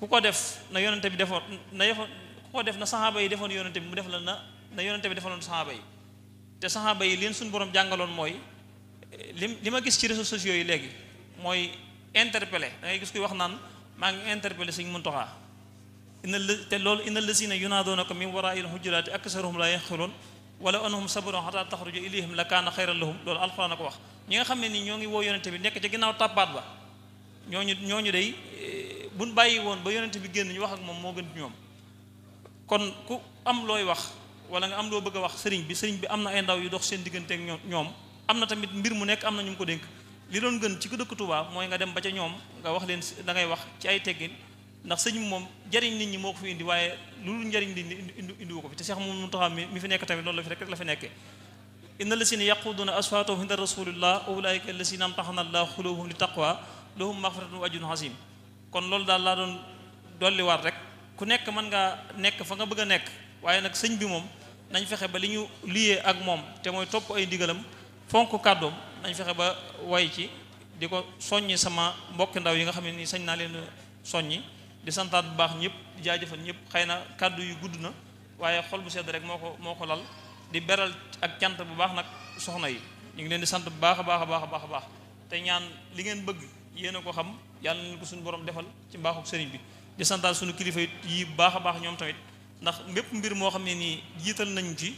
Speaker 4: ku ko def na yonente bi defoon na defoon ku ko def na sahaba yi defoon yonente bi mu def la na na yonente bi defaloon sahaba yi te sahaba yi leen suñ borom jàngaloon mooy li li ma gis ci réseaux sociaux yi léegi mooy interpellé da ngay gis kuy wax naan maa ngi interpellé sëñ Muntaxaa inna te loolu inna lasina yunaadunaka min waraa'il hujuraati aksaruhum la yaqiluun wala anhum sabru hatta takhruju ilayhim lakana khayran lahum lol alquran ko wax ñi nga xam ni ñoo ngi woo yonente bi nek ci ginaaw tàbbaat ba ñooñu ñooñu day eh, buñ bayyi won ba yonent bi genn ñu wax ak mom mo gën ñoom kon ku am loy wax wala nga am lo bëgg wax sëriñ bi sëriñ bi amna na ay ndaw yu dox seen digënté ak ñoom am na tamit mbir mu nek am na ñu ko denk li doon gën ci ku dëkk tuba moy nga dem ba ca ñoom nga wax leen da ngay wax ci ay teggine ndax sëñ bi moom jariñ nit ñi moo ko fi indi waaye loolu njariñ nit ñi indi indi ko fi te Cheikh moom mu taxaw mi fi nekk tamit loolu la fi rek la fi nekkee inna lasina yaquduuna asfaatahum inda rasulillah ulaika lasina amtaxana allah xulubuhum li taqwa lahum maxfiratun wa ajrun xasim kon loolu daal laa doon dolliwaat rek ku nekk mën ngaa nekk fa nga bëgg a nekk waaye nag sëñ bi moom nañ fexe ba li ñu liyee ak moom te mooy topp ay ndigalam fonk kàddoom nañ fexe ba way ci di ko soññi sama mbokki ndaw yi nga xam nii sañ naa leen soññi di santat bu baax ñëpp di jaajëfal ñëpp xëy yu gudduna waye xol bu sedd rek moko moko lal di beral ak cyant bu baax nak soxna yi ñu ngi leen di sant bu baax a baax a baax baax baax te ñaan li ngeen bëgg yéen ko xam yalla na ko suñu borom defal ci mbaaxu sëriñ bi di santaat suñu kilifa yi bu baax a baax ñoom tamit ndax mépp mbir mo xamni ni jital nañ ci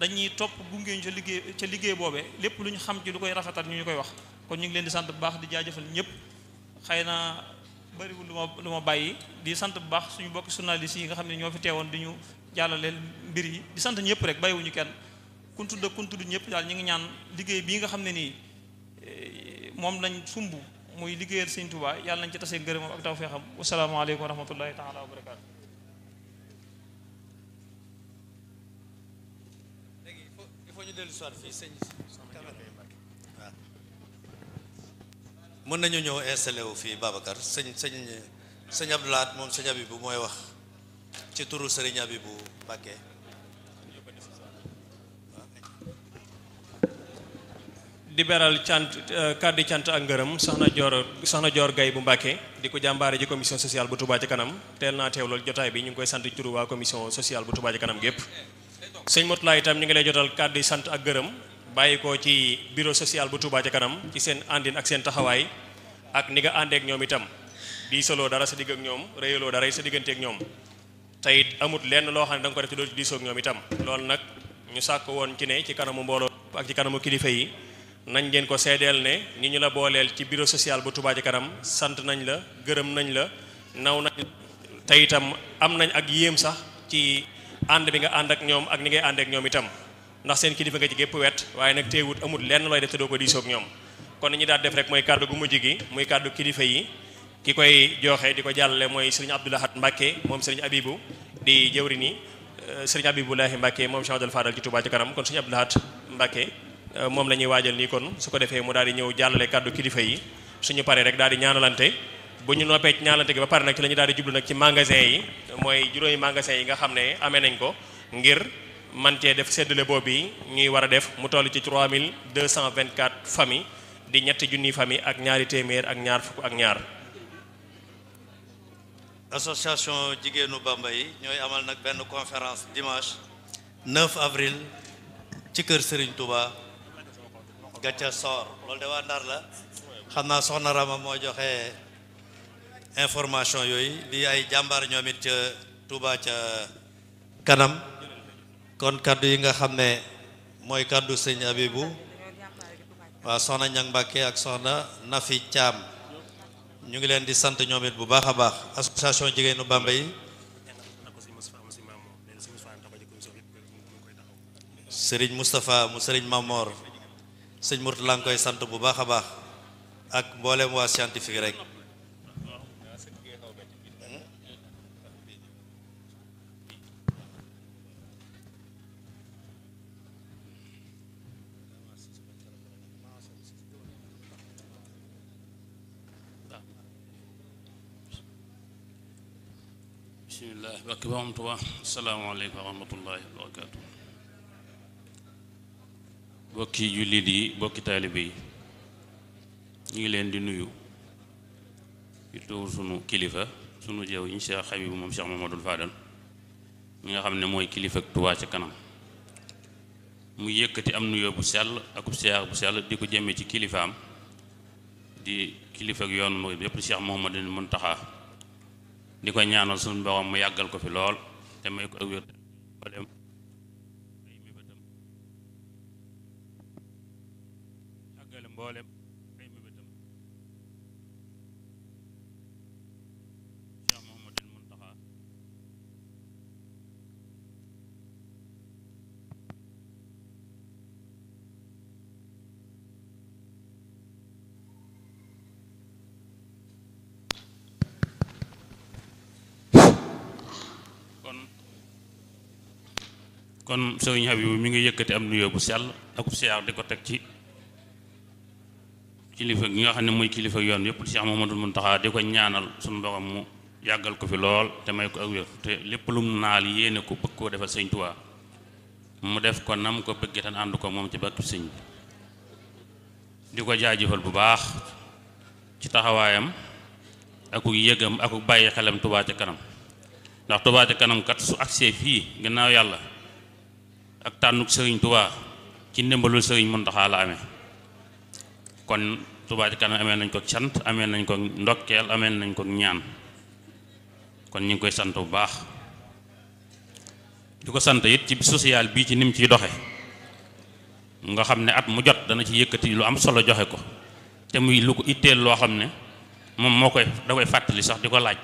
Speaker 4: dañuy top bu ngeen ci ca ci boobee bobé lepp luñu xam ci lu koy rafetal ñu ñukoy wax kon ñu ngi leen di sant bu baax di jaajeufal ñep xeyna bari lu luma bayyi di sante bu baax suñu bokk journalist yi nga xamni ne ñoo fi teewoon di ñu mbir yi di sante ñepp rek bayyi wuñu kenn kuntu de kuntu du ñepp dal ñi ngi ñaan liggéey bi nga xamni ni eh, mom lañ sumb muy liggéeyal Seigne Touba yalla nañ ci tassé gëreem ak tawfeexam wasalaamaaleykum wa rahmatullahi taala wa barakaatu
Speaker 3: léegi il ñu dellu soir fii sëñ mën nañu eh, ñëw installé wu fii Babacar sëñ sëñ sëñ Abdoulaat moom sëñ Abibu mooy wax ci turu sëriñ Abibu Mbàkke
Speaker 5: di beral cant eh, kàddu cant ak ngërëm soxna Joor soxna Joor Gay bu Mbàkke di ko jàmbaare ji commission sociale bu Touba ci kanam teel naa teew lool jotaay bi ñu ngi koy sant turu waa commission sociale bu Touba ci kanam gépp sëñ Motulaay itam ñu ngi lay jotal kàddu sant ak ngërëm bayiko ci bureau social bu Touba ci kanam ci sen andine ak sen taxaway ak ni nga ak ñom itam di solo dara sa digg ak ñoom réyaloo dara sa ak ñom tayit amut lenn lo xamne dang ko def ci do ci diisoog ñom itam lool nak ñu sàkk won ci ne ci kanamu mbolo ak ci kanamu kilifa yi nañ ngeen ko sédel ne ñi ñu la bolel ci bureau social bu Touba ci kanam sant nañ la gëreem nañ la naw nañ tayitam am nañ ak yem sax ci ànd bi nga and ak ñom ak ni ngay ak ñom itam ndax seen kilifa nga ci gépp wet waaye nag teewut amul lenn looy def te doo ko diisoog ñoom kon ñu daal def rek mooy kàddu gu mujj gi muy kàddu kilifa yi ki koy jooxe di ko jàllale mooy sëriñ Abdoul Ahad Mbacke moom sëriñ Abibu di jëwri nii ni euh, sëriñ Abibulahi Mbacke moom Cheikh Abdoul di ci Touba ci kanam kon sëriñ Abdoul Ahad Mbacke euh, moom la ñuy waajal nii kon su ko defee mu daal di ñëw jàllale kàddu kilifa yi suñu paree rek daal di ñaanalante bu ñu noppee ci ñaanalante gi ba pare nag ci la ñu daal di jublu nag ci magasin yi mooy juróomi magasin yi nga xam ne amee nañ ko ngir man cee def séddale boobu bi ñuy war a def mu toll ci 3224 famille di ñetti junniy famille ak ñaari téeméer ak ñaar fukk ak ñaar.
Speaker 3: association jigéenu Bamba yi ñooy amal nag benn conférence dimanche 9 avril ci kër Serigne Touba Gathia Sor loolu de waa Ndar la xam naa soxna Rama moo joxe information yooyu di ay jàmbaar ñoom ca Touba ca kanam. kon kaddu yi nga xam moy kaddu seigne Abibu wa soxna Ñang Mbàkke ak soxna Nafi cham ñu ngi len di sante ñomit bu baaxa baax association jigeenu Bamba yi mustafa Moustapha mu serigne Mamor serigne mourtou lang koy sante bu baaxa baax ak mboolem wa scientifique rek
Speaker 2: كبام توا السلام عليكم ورحمة الله وبركاته بكي جليدي بكي طالبي نيلين دي نيو يتور سنو كليفة سنو جاو إن شاء خبيب ممشيخ محمد الفادن ميغا خامن موي كليفة توا سي كانام mu yëkëti am nuyo bu sell ak siyar bu sell di ko jëmmé ci kilifaam di kilifa ak yoon diko ñaanal suñu borom mu yagal ko fi lool te may ko wër ak wér mbolem kon serigne Habibu mi ngi yëkëti am nuyo bu sel ak siyaar di ko teg ci kilifa gi nga xamne moy kilifa yoon yëpp Cheikh Mamadou muntaha di ñaanal sun borom mu yagal ko fi lool te may ko ak wér te lu mu naal yene ko bëgg ko defal serigne touba mu def ko nam ko bëgg tan and ko mom ci bàkki serigne diko jaajeufal bu baax ci taxawaayam aku yëgam aku bàyyi xalam Touba ci kanam ndax Touba ci kanam kat su agsee fi gannaaw yalla ak tànnuk sëriñ Touba ci ndimbalul sëriñ Muntaxa la amee kon Touba Ca Kanam amee nañ ko sant amee nañ ko ndokkeel amee nañ ko ñaan kon ñu ngi koy sant bu baax di ko sant it ci social bii ci nim ciy doxe nga xam ne at mu jot dana ci yëkkati lu am solo joxe ko te muy lu ko itteel loo xam ne moom moo koy da koy fàttali sax di ko laaj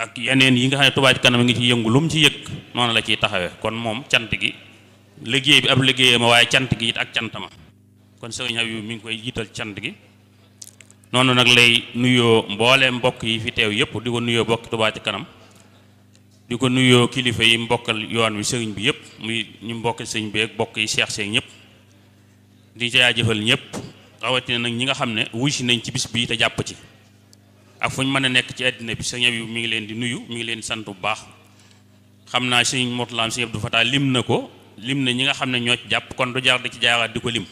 Speaker 2: ak yeneen yi nga xam ne Touba Ca Kanam ngi ci yëngu lu mu ci yëg noonu la ciy taxawee kon moom cant gi liggéey bi ab liggéeyam waaye cant gi it ak cant ma kon sëriñ Habib mi ngi koy jiital cant gi noonu nag lay nuyoo mboolee mbokk yi fi teew yëpp di ko nuyoo bokk Touba Ca Kanam di ko nuyoo kilifa yi mbokkal yoon wi sëriñ bi yëpp muy ñu mbokk sëriñ bi ak bokk yi seex seen ñëpp di jaajëfal ñëpp rawatina nag ñi nga xam ne wuy si nañ ci bis bii te jàpp ci ak fu ñu mën a nekk ci àddina bi sëñ Abibu mi ngi leen di nuyu mi ngi leen sant bu baax xam naa sëñ Motlaam sëñ Abdou Fatah lim na ko lim na ñi nga xam ne ñoo jàpp kon du jaar di ci jaaraat di ko lim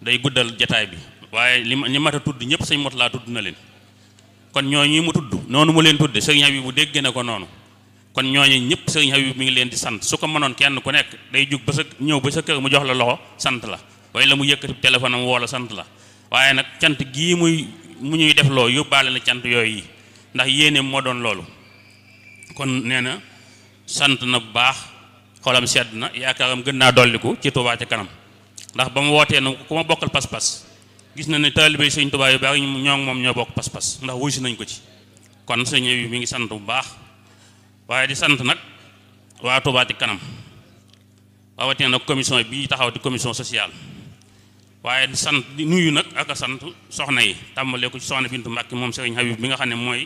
Speaker 2: day guddal jataay bi waaye li ñi mat a tudd ñëpp sëñ Motlaa tudd na leen kon ñooñu mu tudd noonu mu leen tudd tudde sëñ Abibu dégg na ko noonu kon ñooñu ñëpp sëñ Abibu mu ngi leen di sant su ko mënoon kenn ku nekk day jug ba sa ñëw ba sa kër mu jox la loxo sant la waaye la mu yëkkati téléphone am sant la waaye nag cant gii muy mu ñuy def loo yóbbaale na cant yooyu ndax yéene moo doon loolu kon nee na sant na bu baax xolam sedd na yaakaaram gën naa dolliku ci Touba kanam ndax ba mu wootee na ku ma bokkal pas-pas gis na ne taalibe sëñ Touba yu baax ñoo moom ñoo bokk pas-pas ndax wuy si nañ ko ci kon sëñ bi mi ngi sant bu baax waaye di sant nag waa Touba ci kanam rawatina nag commission bii taxaw di commission sociale waaye sant di nuyu nag ak sant soxna yi tàmbalee ko ci soxna Bintu Mbàkke moom Sëriñ Habib bi nga xam ne mooy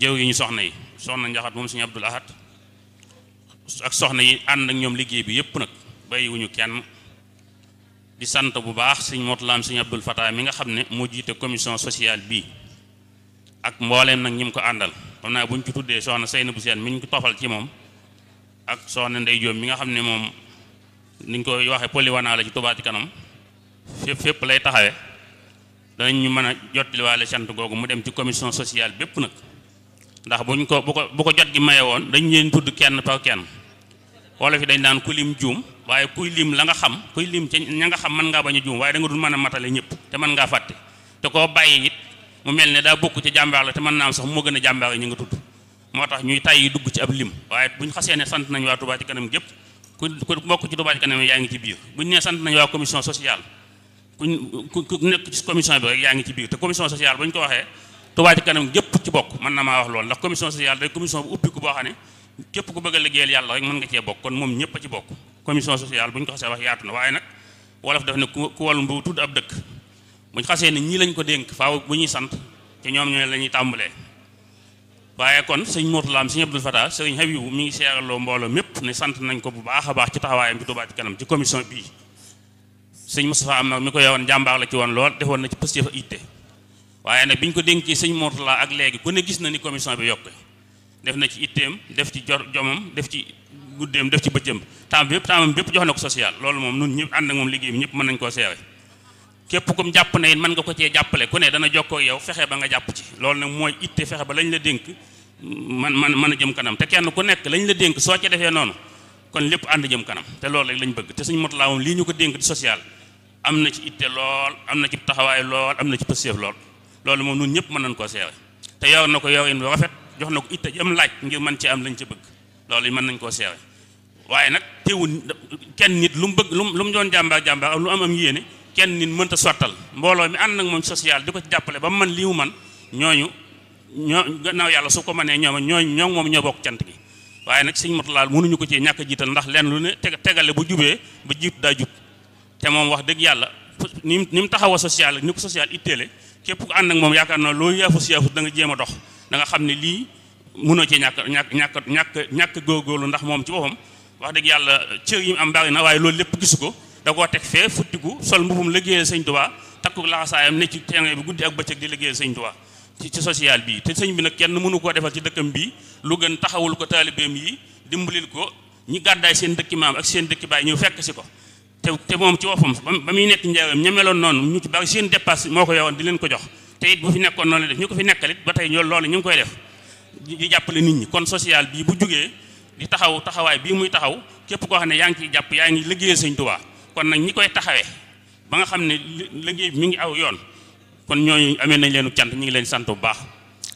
Speaker 2: jëw yi ñu soxna yi soxna Njaxat moom Sëriñ Abdul Ahad soxna yi ànd ak ñoom liggéey bi yëpp nag bàyyiwuñu kenn di sant bu baax Sëriñ Motlaam Sëriñ Abdul Fatah mi nga xam ne moo jiite commission sociale bi ak mbooleem nag ñi mu ko àndal xam naa bu ñu ci tuddee soxna Seyna bu seen mi ñu ko tofal ci moom ak soxna Ndey Joom mi nga xam ne moom niñ koy waxee poliwana la ci Touba ci kanam fépp fépp lay taxawee danañ ñu mën a jot jottaliwaale sant googu mu dem ci commission sociale bépp nag ndax buñ ko bu ko bu ko jot gi maye woon dañ leen tudd kenn par kenn wala fi dañ daan ku lim juum waaye kuy lim la nga xam kuy lim ca ña nga xam mën ngaa bañ a juum waaye da nga dul a matale ñëpp te mën ngaa fàtte te koo bàyyi it mu mel ne daa bokk ci jàmbaar la te mën naa am sax moo gën a jàmbaar yi ñu nga tudd moo tax ñuy tay yi dugg ci ab lim waaye buñ xasee ne sant nañ waa Touba ci kanam gépp ku ku bokk ci sant nañ waa commission ku nekk ci commission bi rek yaa ngi ci biir te commission sociale ba ñu ko waxee Touba Ca Kanam gépp ci bokk mën na maa wax lool ndax commission sociale day commission bu ubbiku boo xam ne képp ku bëgg a liggéeyal yàlla rek mën nga cee bokk kon moom ñëpp a ci bokk commission sociale bu ñu ko xasee wax yaatu na waaye nag wolof daf ne ku wal mbu tudd ab dëkk bu xasee ne ñii lañ ko dénk faaw bu ñuy sant te ñoom ñooy la ñuy tàmbalee waaye kon sëñ Mourtalaam sëñ Abdul Fatah sëñ Habibu mi ngi seeraloo mbooloo sant nañ ko bu baax a baax ci taxawaayam ci Touba Kanam ci commission bii sëñ Moustapha am na mi ko yewoon jàmbaar la ci woon lool defoon na ci pëstéef ak itte waaye nag biñ ko dénk ci sëñ Mourtala ak léegi ku ne gis na ni commission bi yokk def na ci itteem def ci jor jomam def ci guddeem def ci bëccëm temps bi yëpp yëpp jox na ko social loolu moom nun ñëpp ànd ak moom liggéey ñëpp mën nañ koo seere képp kum jàpp ne it mën nga ko cee jàppale ku ne dana jokkoo yow fexe ba nga jàpp ci loolu nag mooy itte fexe ba lañ la dénk man man mën a jëm kanam te kenn ku nekk lañ la dénk soo ca defee noonu kon lépp ànd jëm kanam te loolu lañ bëgg te suñ motulaa moom ñu ko dénk social am na ci itte lool am na ci taxawaay lool am na ci pësseef lool loolu moom nun ñëpp mën nañ koo seere te yor na ko yorin bu rafet jox na ko itte ji am laaj ngir mën ci am lañ ca bëgg loolu mën nañ koo seere waaye nag teewul kenn nit lu mu bëgg lu mu doon jàmbaar jàmbaar ak lu am am yéene kenn nit mënta sottal mbooloo mi ànd nag moom social di ko ci jàppale ba man lii mu man ñooñu ñoo gannaaw yàlla su ko mënee ñooma ñooñu ñoo moom ñoo bokk cant gi waaye nag sëñ Murtala mënuñu ko ci ñàkk jiital ndax lenn lu ne tegale bu jubee ba jiitu daa jub te moom wax dëgg yàlla ni ni mu taxaw a social ni social itteele képp ku ànd ak moom yaakaar loolu yaafus yaafus da nga jéem a xam ne lii mënoo cee ñàkk ñàkk ñàkk ñàkk ñàkk góorgóorlu ndax moom ci boppam wax dëgg yàlla cër yi mu am bari na waaye loolu lépp gisu ko da koo teg fee futtiku sol mbubum liggéeyal sëñ Tuubaa takku laxasaayam ne ci terrain bi guddi ak bëccëg di liggéeyal sëñ Tuubaa ci ci social bii te sëñ bi nag kenn mënu koo defal ci dëkkam bii lu gën taxawul ko taalibeem yi dimbalil ko ñi gàddaay seen dëkki maam ak seen dëkki baay ñëw fekk si ko te te moom ci boppam ba muy nekk njaareem ñameloon noonu ñu ci bari seen dépasse moo ko yowoon di leen ko jox te it bu fi nekkoon noonu la def ñu ko fi nekkal ba tey loolu jàppale nit ñi kon social bii bu jugee di taxaw taxawaay bii muy taxaw képp koo xam ne yaa ngi ciy jàpp yaa ngi liggéeyee sëñ Tuubaa kon nag ñi koy taxawee ba nga xam ne liggéey bi mi ngi aw yoon kon ñooñu amee nañ leen cant ñu ngi leen sant bu baax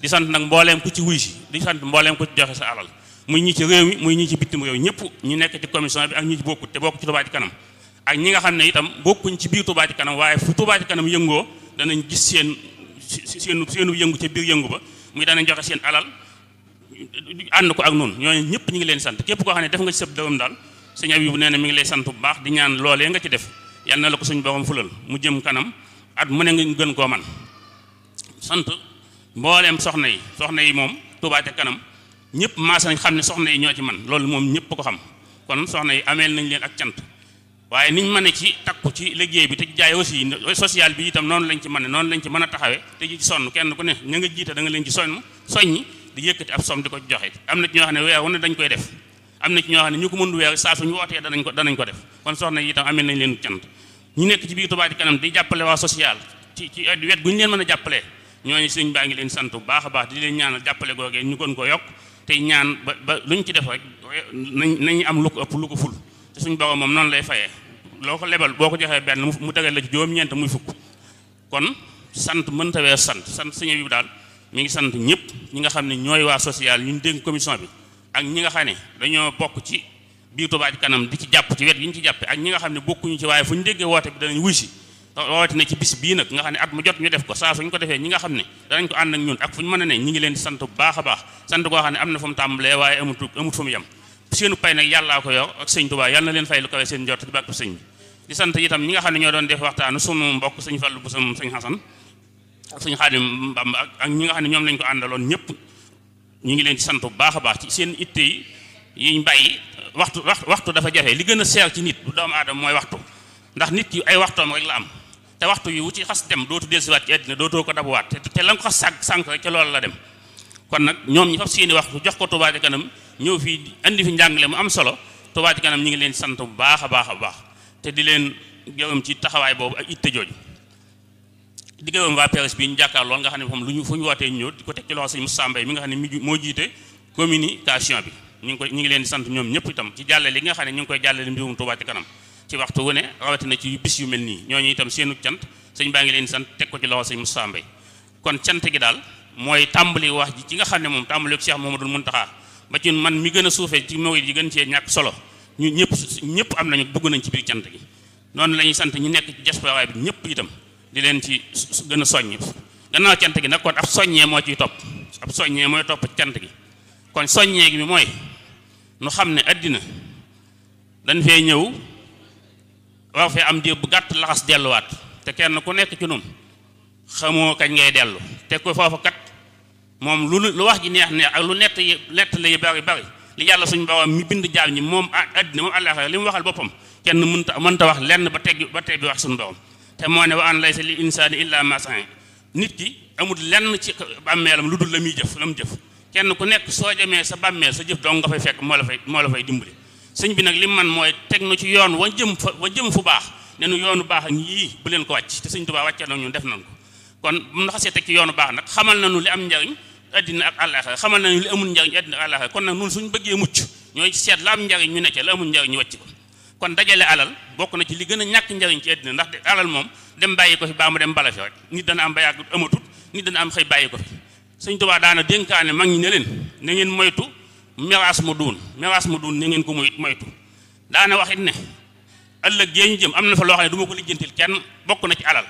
Speaker 2: di sant nag mbooleem ku ci wuy si di sant mbooleem ku ci joxe sa alal muy ñi ci réew mi muy ñi ci bitim réew ñëpp ñu nekk ci commission bi ak ñi ci bokkut te bokk ci Tuubaa ci kanam ak ñi nga xam ne itam bokkuñ ci biir Touba kanam waaye fu Touba kanam yëngoo danañ gis seen seen seenu yëngu ca biir yëngu ba muy danañ joxe seen alal ànd ko ak noonu ñoo ñëpp ñu ngi leen sant képp koo xam ne def nga ci sab dërëm daal sëñ Abibu nee na mi ngi lay sant bu baax di ñaan loolee nga ci def yàlla na la ko suñ borom fulal mu jëm kanam at mu ne nga gën koo man sant mbooleem soxna yi soxna yi moom Touba kanam ñëpp maas nañ xam ne soxna yi ñoo ci man loolu moom ñëpp ko xam kon soxna yi ameel nañ leen ak cant waaye niñ mën a ci takku ci liggéey bi te jaay aussi social bi itam noonu lañ ci mën noonu lañ ci mën a taxawee te ci sonn kenn ku ne ñu nga jiite da nga leen ci sonn soññi di yëkkati ko joxe am na ci ne weer wu ne dañ koy def am na ci xam ne ñu ko mënul weer saa wootee danañ ko danañ ko def kon soxna yi itam amee nañ leen cant ñu nekk ci biir Touba Ca Kanam di jàppale waa social ci ci wet gu ñu leen mën a jàppale ñoo ñooñu sëñ baa ngi leen sant bu baax a baax di leen ñaanal jàppale googee ñu gën ko yokk tey ñaan ba ba ñu ci def rek nañ nañ am lu ko ëpp lu ko ful suñ borom moom noonu lay fayee loo ko lebal boo ko joxee benn mu tegal la ci juróom-ñeent muy fukk kon sant mën weer sant sant sëñ bi daal mi ngi sant ñëpp ñi nga xam ne ñooy waa social ñu dénk commission bi ak ñi xam ne dañoo bokk ci biir Touba Ca Kanam ci jàpp ci wet yi ñu ñi nga xam ne bokkuñu ci waaye fu ñu déggee woote na ci bis bii nag mu jot ñu def ko saa suñ ko defee ñi nga xam ne danañ ko ànd ak ñun ak fu ñu mën a ne ñi ngi leen sant bu baax a baax sant koo xam ne am na fa mu tàmbalee waaye amut amut fu mu yem seenu pay nag yàllaa ko yor ak sëñ Tuubaa yàlla na leen fay lu kawe seen njort ci bàkku sëñ bi di sant itam ñi nga xam ne ñoo doon def waxtaanu sunu sëñ Fallu bu sum sëñ Xasan ak sëñ Xaadim Bamba ak ñi nga xam ne lañ ko àndaloon ñëpp ñu ngi leen ci sant bu baax a baax ci seen itte yi yiñ bàyyi waxtu waxtu dafa jafe li gën a seer ci nit bu doomu aadama mooy waxtu ndax nit ki ay waxtoom rek la am te waxtu yi wu ci xas dem dootu dellusiwaat ci àddina dootoo ko dabuwaat te la nga ko xas sànq sànq rek ca loolu la dem kon nag ñoom ñi fab seeni waxtu jox ko Tuubaa kanam ñëw fii indi fi njàngale mu am solo Touba Ca ñu ngi leen sant bu baax a baax a baax te di leen gërëm ci taxawaay boobu ak itte jooju di gërëm waa PRS bi ñu jàkkaar lool nga xam ne moom lu ñu fu wootee ñëw di ko teg nga xam ne mi moo jiite communication bi ñu ngi ko ñu ngi leen sant ñoom ñëpp itam ci jàllale li nga xam ne ñu ngi koy jàllale mbirum Touba Ca Kanam ci waxtu wu ne rawatina ci bis yu mel nii ñoo ñooñu itam seenu cant sëñ baa ngi leen sant teg ko ci loxo sëñ Moussa Mbaye kon cant gi daal mooy tàmbali wax ji ci nga xam ne moom tàmbali ko Cheikh Mamadou Mountakha ba ci man mi gën a suufee ci mawit yi gën cee ñàkk solo ñu ñëpp ñëpp am nañu dugg nañ ci biir cant gi noonu la ñuy sant ñu nekk ci diaspora bi ñëpp itam di leen ci gën a soññ gannaaw cant gi nag kon ab soññee moo ciy topp ab soññee mooy topp ci cant gi kon soññee gi mooy nu xam ne addina dañ fee ñëw war fee am diir bu gàtt laxas delluwaat te kenn ku nekk ci ñun xamoo kañ ngay dellu te ku foofu moom lu lu wax ji neex neex ak lu nett yi lett la yu bari bari li yàlla suñ borom mi bind jaam ñi moom àddina moom àllaaxira li mu waxal boppam kenn mënta ta wax lenn ba tegg ba tegg bi wax suñu borom te moo ne wa an laysa li insaani illa ma sa'a nit ki amul lenn ci bàmmeelam lu dul la muy jëf la mu jëf kenn ku nekk soo jamee sa bàmmeel sa jëf dong nga fay fekk moo la fay moo la fay dimbali sëñ bi nag li man mooy teg nu ci yoon wa jëm fa wa jëm fu baax ne nu yoonu baax yii bu leen ko wàcc te sëñ Tuubaa wàccee na ñun def nañ ko kon bu ñu xasee teg ci yoonu baax nag xamal na nañu li am njariñ addina ak àllaaxira xamal nañu li amul njariñ addina ak àllaaxira kon nag nun suñu bëggee mucc ñooy seet la am njariñ ñu nekkee la amul njariñ ñu wàcc ko kon dajale alal bokk na ci li gën a ñàkk njariñ ci addina ndax alal moom dem bàyyi ko fi baa mu dem bala fi rek nit dana am ba yàgg amatut nit dana am xëy bàyyi ko fi sëñ Tuubaa daana dénkaane mag ñi ne leen na ngeen moytu meraas ma duun meraas ma duun na ngeen ko moytu moytu daana wax it ne ëllëg gee ñu jëm am na fa loo xam ne du ko lijjantil kenn bokk na ci alal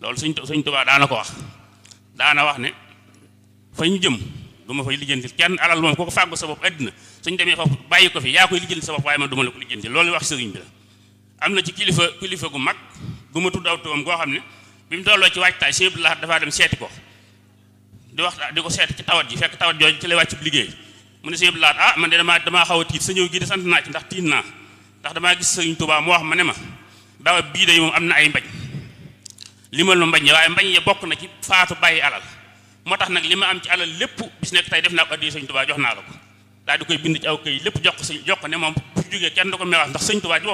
Speaker 2: loolu sëñ Tuubaa daana ko wax daana wax ne fa ñu jëm du ma fay lijjanti kenn alal moom kooku fàggu sa bopp àddina suñ demee fa bàyyi ko fi yaa koy lijjanti sa bopp waaye man du ma la ko lijjanti loolu wax sëriñ bi la am na ci kilifa kilifa gu mag bu ma tudd aw turam goo xam ne bi mu tolloo ci waajtaay sëñ Abdou Lahad dafaa dem seeti ko di wax di ko seeti ci tawat ji fekk tawat jooju ci lay wàcc liggéey mu ne sëñ Abdou Lahad ah man de damaa damaa xaw a tiit sa ñëw gi de sant naa ci ndax tiit naa ndax damaa gis sëriñ Tuubaa mu wax ma ne ma daaw bii day moom am na ay mbañ limal ma mbañ waaye mbañ ya bokk na ci faatu bàyyi alal moo tax nag li ma am ci alal lépp bis nekk tey def naa ko addiya sëñ Tuubaa jox naa la ko koy bind ci aw këy lépp jox ko sëñ jox ko ne moom bu jógee kenn du ko meewaat ndax sëñ Tuubaa ci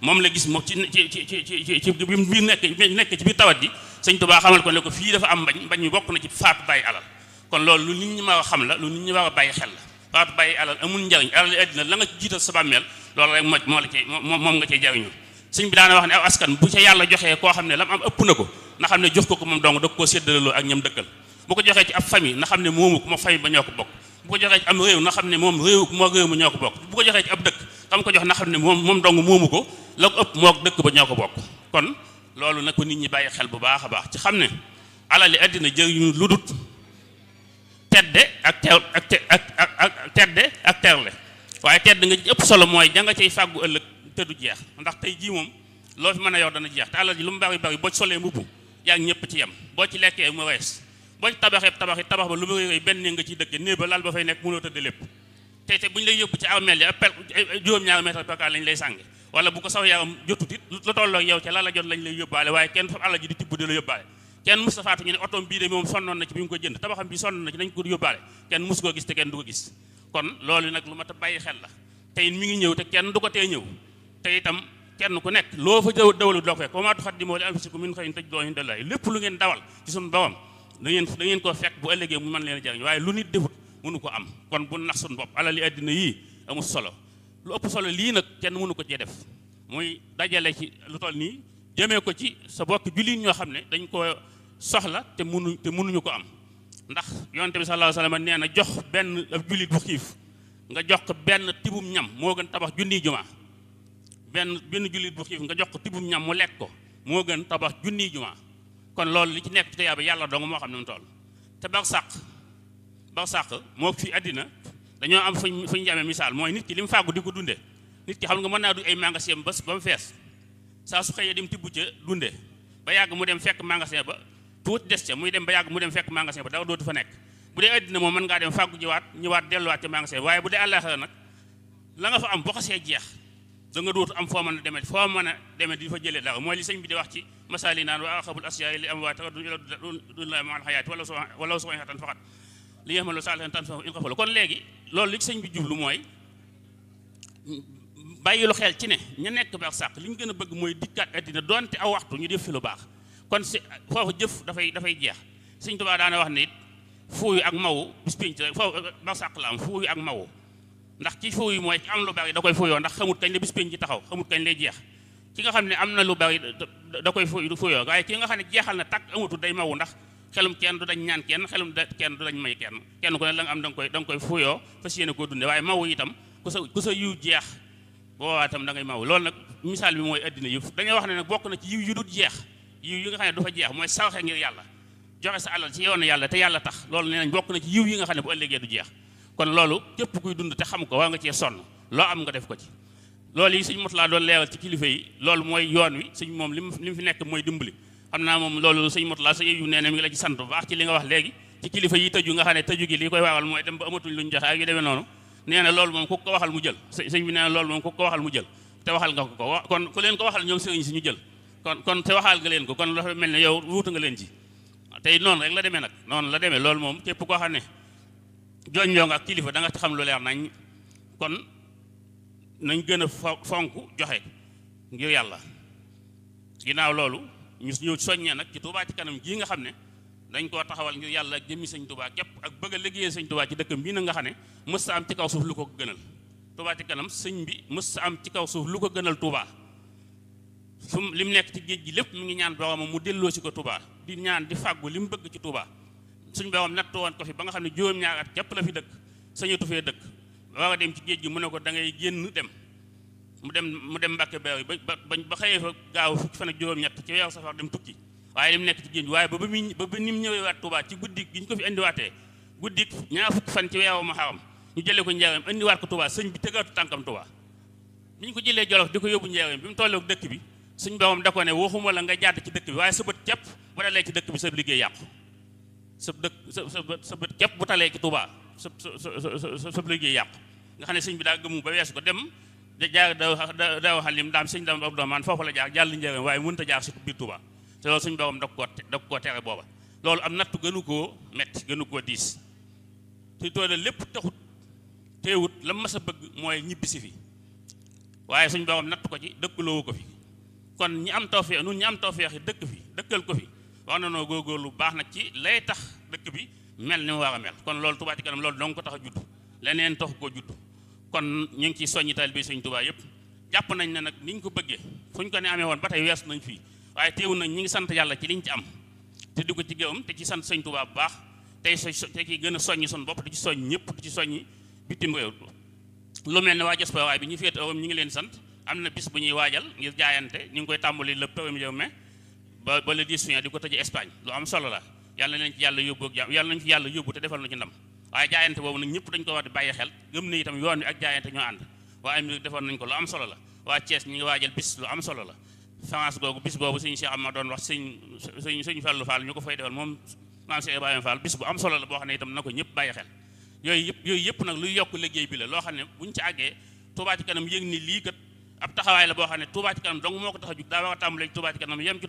Speaker 2: moom la ci ci ci ci ci ci biir nekk nekk ci biir tawat ji sëñ Tuubaa xamal ko ne ko fii dafa am mbañ mbañ mi bokk na ci faatu bàyyi alal kon loolu lu nit ñi ma xam la lu nit ñi war a bàyyi xel la faatu bàyyi alal amul njariñ alal yi la nga jiital sa bàmmeel loolu rek moo moo la cay moom nga cay jariñu sëñ bi daana wax ne aw askan bu ca yàlla joxee koo xam ne la am ëpp na ko na xam ne jox ko ko moom dong da koo séddaleloo ak ñam dëkkal bu ko joxee ci ab famille na xam ne moomu ko moo famille ba ñoo ko bokk bu ko joxee ci am réew na xam ne moom réew moo réew mu bokk bu ko joxee ab dëkk xam ko jox na xam ne moom moom dong moomu ko la ko ëpp moo dëkk ba ñoo ko bokk kon loolu nag ko nit ñi bàyyi xel bu baax a baax ci xam ne alali àddina jëriñu lu dut tedde ak teer ak ak ak tedde ak teerle waaye tedd nga ci ëpp solo mooy ja nga cay fàggu ëllëg te du jeex ndax tey jii moom loo fi mën a yor dana jeex te alal ji lu mu bari bari boo ci solee mbubb yaa ngi ñëpp ci yem boo ci lekkee mu wees boo tabaxee tabax yi tabax ba lu muy rëy benn nga ciy dëkk néeg ba lal ba fay nekk mënoo tëdd lépp te te bu ñu lay yóbbu ci armeel ya pel juróom-ñaari mètre perkaal sànge wala bu ko sax yaram jotut it lu tolloog yow ca la la jot lañ lay la yóbbaale kenn Moustapha ñu ne otom bii de moom sonnoon na ci ko jënd tabaxam bi sonnoon na ci nañ ko yóbbaale kenn mus koo gis te kenn du ko gis a tey mi ngi ñëw te kenn du ko tee te itam kenn ku nekk loo ko fekk wa maa lépp lu ngeen dawal ci suñu bawam da ngeen da ngeen ko fekk bu ëllëgee mu mën leen a jariñ waaye lu nit defut munu ko am kon bu nax suñu bopp alal yi àddina yii amul solo lu ëpp solo lii nag kenn mënu ko cee def muy dajale ci lu toll nii jëmee ko ci sa bokk jullit ñoo xam ne dañ ko soxla te mënu te mënuñu ko am ndax yonte bi sallallahu alayhi wasallam nee na jox benn ab jullit bu xiif nga jox ko benn tibum ñam moo gën tabax junniy juma benn benn jullit bu xiif nga jox ko tibum ñam mu lekk ko moo gën tabax junniy juma kon loolu li ci nekk ci tuyaaba yàlla dong moo xam ne mu toll te bax sàq bax sàq moo fi àddina dañoo am fuñ fuñ jamee misaal mooy nit ki li mu fàggu di ko dunde nit ki xam nga mën naa du ay magasin ba ba mu fees saa su xëyee dem tibb ca dunde ba yàgg mu dem fekk magasin ba tuuti des ca muy dem ba yàgg mu dem fekk magasin ba dara dootu fa nekk bu dee àddina moom mën ngaa dem fàggu jiwaat ñëwaat delluwaat ca magasin waaye bu dee àllaaxira nag la nga fa am boo xasee jeex da nga dootu am foo mën a demee foo mën demee di fa jëlee dara mooy li bi di wax ci masaali naan waa aqabul asyaai li amwaat wa dun la maal xayaati wala wala soo xatan faqat li nga xam ne saalaxen tan in kon léegi loolu li sëñ bi jublu mooy bàyyilu xel ci ne ña nekk baax sàq li ñu gën a bëgg mooy dikkaat addina doonte aw waxtu ñu def fi lu baax kon si foofu jëf dafay dafay jeex sëñ Tuubaa daan wax ne it fuuyu ak mawu bis pinc foofu baax sàq la am fuuyu ak mawu ndax ci fuuyu mooy am lu baax yi da koy fuuyoo ndax xamut kañ la bis pinc ci taxaw xamut kañ lay jeex ki nga xam ne am na lu bari da koy fu fuyoo waaye ki nga xam ne jeexal na takk amatul day maw ndax xelum kenn du dañ ñaan kenn xelum kenn du dañ may kenn kenn ku ne la am da nga koy da nga koy fuyoo fas yéene waaye mawu itam ku sa ku sa yiw jeex boobaa itam loolu nag misaal bi mooy addina yëpp dañuy wax ne nag bokk na ci yiw yu dul jeex yiw yi nga xam ne du fa jeex mooy sawxe ngir yàlla joxe sa alal ci yoonu yàlla te yàlla tax loolu nee nañ bokk na ci yiw yi nga xam ne bu ëllëgee du jeex kon loolu képp kuy dund te xam ko waa nga cee sonn loo am nga def ko ci loolu yi sëñ Murtala doon leeral ci kilifa yi loolu mooy yoon wi sëñ moom li mu fi nekk mooy dimbali xam naa moom loolu sëñ Murtala sëñ yu nee na mi ngi la ci sant bu baax ci li nga wax léegi ci kilifa yi tëju nga xam ne tëju gi li koy mooy dem ba amatuñ luñ joxe ak yu demee noonu nee na loolu moom ku ko waxal mu jël na loolu moom ku ko waxal mu jël te waxal nga ko ko kon ku leen ko waxal ñoom sëriñ si ñu jël kon kon te waxaal nga leen ko kon dafa mel ne yow wuutu nga leen ci tey noonu rek la demee nag noonu la deme loolu moom képp koo xam ne jooñ joo nga ak kilifa da xam lu leer nañ kon nañ gën a fonk joxe ngir yàlla ginnaaw loolu ñu ñëw soññee nag ci Tuubaa ci kanam jii nga xam ne dañ koo taxawal ngir yàlla ak jëmmi sëñ Tuubaa képp ak bëgg a liggéeyee sëñ Tuubaa ci dëkk mbii na nga xam ne mës sa am ci kaw suuf lu ko gënal Tuubaa ci kanam sëñ bi mës sa am ci kaw suuf lu ko gënal Tuubaa su li mu nekk ci géej gi lépp mi ngi ñaan boromam mu delloo si ko Tuubaa di ñaan di li mu bëgg ci Tuubaa suñ borom nattu woon ko fi ba nga xam ne juróom-ñaar at képp la fi dëkk sañatu fee dëkk waaw dem ci géej gi mu ne ko dangay ngay génn dem mu dem mu dem mbàkke beew ba ba xëyee fa gaaw fukki fan ak juróom-ñett ci sa safar dem tukki waaye li mu nekk ci géej waaye ba ba muy ni mu ñëwee waat tubaa ci guddi gi ñu ko fi indiwaatee guddi ñaa fukki fan ci weeru Muharram ñu jëlee ko Njaaréem indiwaat ko Tuubaa sëñ bi tëgaatu tànkam Tuubaa bi ñu ko jëlee Jolof di ko yóbbu Njaaréem bi mu tolloog dëkk bi suñ borom da ko ne waxuma la nga jàdd ci dëkk bi sa bët képp bu dalee dëkk bi sa liggéey sa dëkk sa sa bët képp bu talee ci Tuubaa sa sa sa sa liggéey yàqu nga xam ne sëñ bi daa gëmu ba weesu ko dem da jaar daaw xalim daam sëñ dam abdourahman foofu la jaar jàll njëriñ waaye mënut a jaar si biir Touba te loolu suñu borom da koo da koo tere booba loolu am natt gënu ko métti gënu koo diis te toole lépp taxut teewut la mas bëgg mooy ñibbi si fi waaye suñ borom natt ko ci dëkkaloowu ko fi kon ñi am tawfeex nun ñi am tawfeex yi dëkk fi dëkkal ko fi wax na noo góorgóorlu baax na ci lay tax dëkk bi mel ni mu war kon loolu Touba loolu dong ko tax a judd leneen tax koo judd kon ñu ngi ciy soññi taalibe Sëriñ Tuubaa yëpp jàpp nañ ne nag ni ñu ko bëggee fuñ ko ne amee woon ba tey weesu nañ fii waaye teewu nañ ñi ngi sant yàlla ci liñ ci am te di ko ci géewam te ci sant Sëriñ Tuubaa bu baax tey so te ki gën a soññi sun bopp di ci soññ ñëpp di ci soññi bitim réew lu mel ne waa diaspora waaye bi ñu féete awam ñu ngi leen sant am na bis bu ñuy waajal ngir jaayante ñu ngi koy tàmbali le premier mai ba ba le 10 juin di ko tëj Espagne lu am la yàlla nañ ci yàlla yóbbu ak jàmm yàlla nañ ci yàlla yóbbu defal na ci ndam waaye jaayante boobu nag ñëpp dañ ko war di bàyyi xel gëm ne itam yoon wi ak jaayante ñoo ànd waaye mi defoon nañ ko lu am solo la waa Thiès ñi ngi waajal bis lu am solo la France googu bis boobu sëñ Cheikh Amadu doon wax sëñ sëñ sëñ Fallu Fall ñu ko fay defal bis bu am solo la boo xam ne itam na ko ñëpp bàyyi xel yooyu yëpp yooyu nag luy yokk liggéey bi la loo xam ne buñ ci àggee Touba kanam yëg ni lii kat ab taxawaay la boo xam ne Touba kanam dong moo ko tax a jug daa war a tàmbalee Touba ci kanam yem ci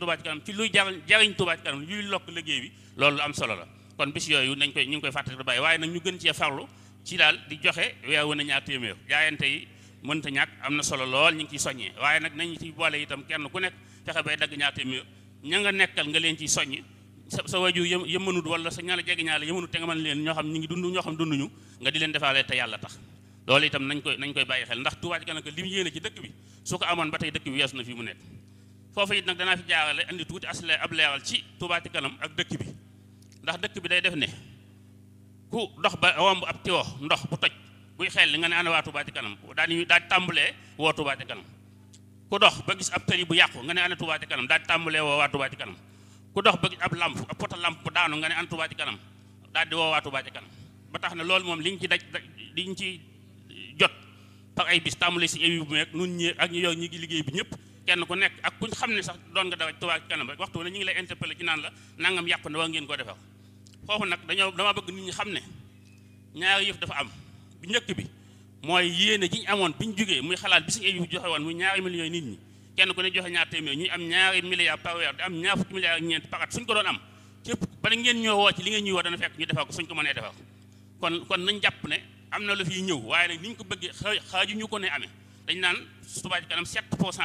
Speaker 2: am solo la kon bis yooyu nañ koy ñu ngi koy fàttali bàyyi waaye nag ñu gën cee farlu ci daal di joxe weer wu ne ñaar téeméer jaayante yi mënta ñàkk am na solo lool ñu ngi ciy soññee waaye nag nañu ci boole itam kenn ku nekk fexe bay dagg ñaar téeméer ña nga nekkal nga leen ciy soññ sa sa waju yë yëmanut wala sa ñaala jege ñaala yëmanut te nga man leen ñoo xam ñu ngi dund ñoo xam dunduñu nga di leen defaale te yàlla tax loolu itam nañ koy nañ koy bàyyi xel ndax Tuubaa ci kanam li mu ci dëkk bi ko amoon ba tey dëkk bi weesu na fi mu nekk foofu it nag danaa fi jaarale tuuti asle ab leeral ci Tuubaa ci kanam ak dëkk bi ndax dëkk bi day def ne ku dox ba womb ab tiwo ndox bu toj buy xel li nga ne ana waa Touba ci kanam daal di daal tàmbalee woo Touba ci kanam ku dox ba gis ab tëri bu yàqu nga ne ana Touba kanam daal tàmbalee woo waa Touba ci kanam ku dox lamp ab daanu nga ne ana Touba kanam daal di woo waa Touba ci kanam ba tax na loolu moom liñ ci daj liñ ci jot par ay bis tàmbalee si émi bu meeg nun ñi ak ñu yor ñi liggéey bi ñëpp kenn ku nekk ak kuñ xam ne sax doon nga dawa Touba ci kanam rek waxtu ne ñu ngi lay interpellé ci naan la nangam yàqu ne war ngeen ko defar foofu nag dañoo dama bëgg nit ñi xam ne ñaari yëf dafa am bu njëkk bi mooy yéene ji ñu amoon bi ñu jógee muy xalaat bi suñu Abibu joxe woon muy ñaari millions nit ñi kenn ku ne joxe ñaar téeméer ñuy am ñaari milliards par weer di am ñaar fukki milliards ñeent parat suñ ko doon am képp bala ngeen ñoo woo ci li ngeen ñuy woo dana fekk ñu defal ko suñ ko mënee defal ko kon kon nañ jàpp ne am na lu fii ñëw waaye nag ni ñu ko bëggee xaaju ñu ko ne amee dañ naan Touba Ca Kanam 7 pour cent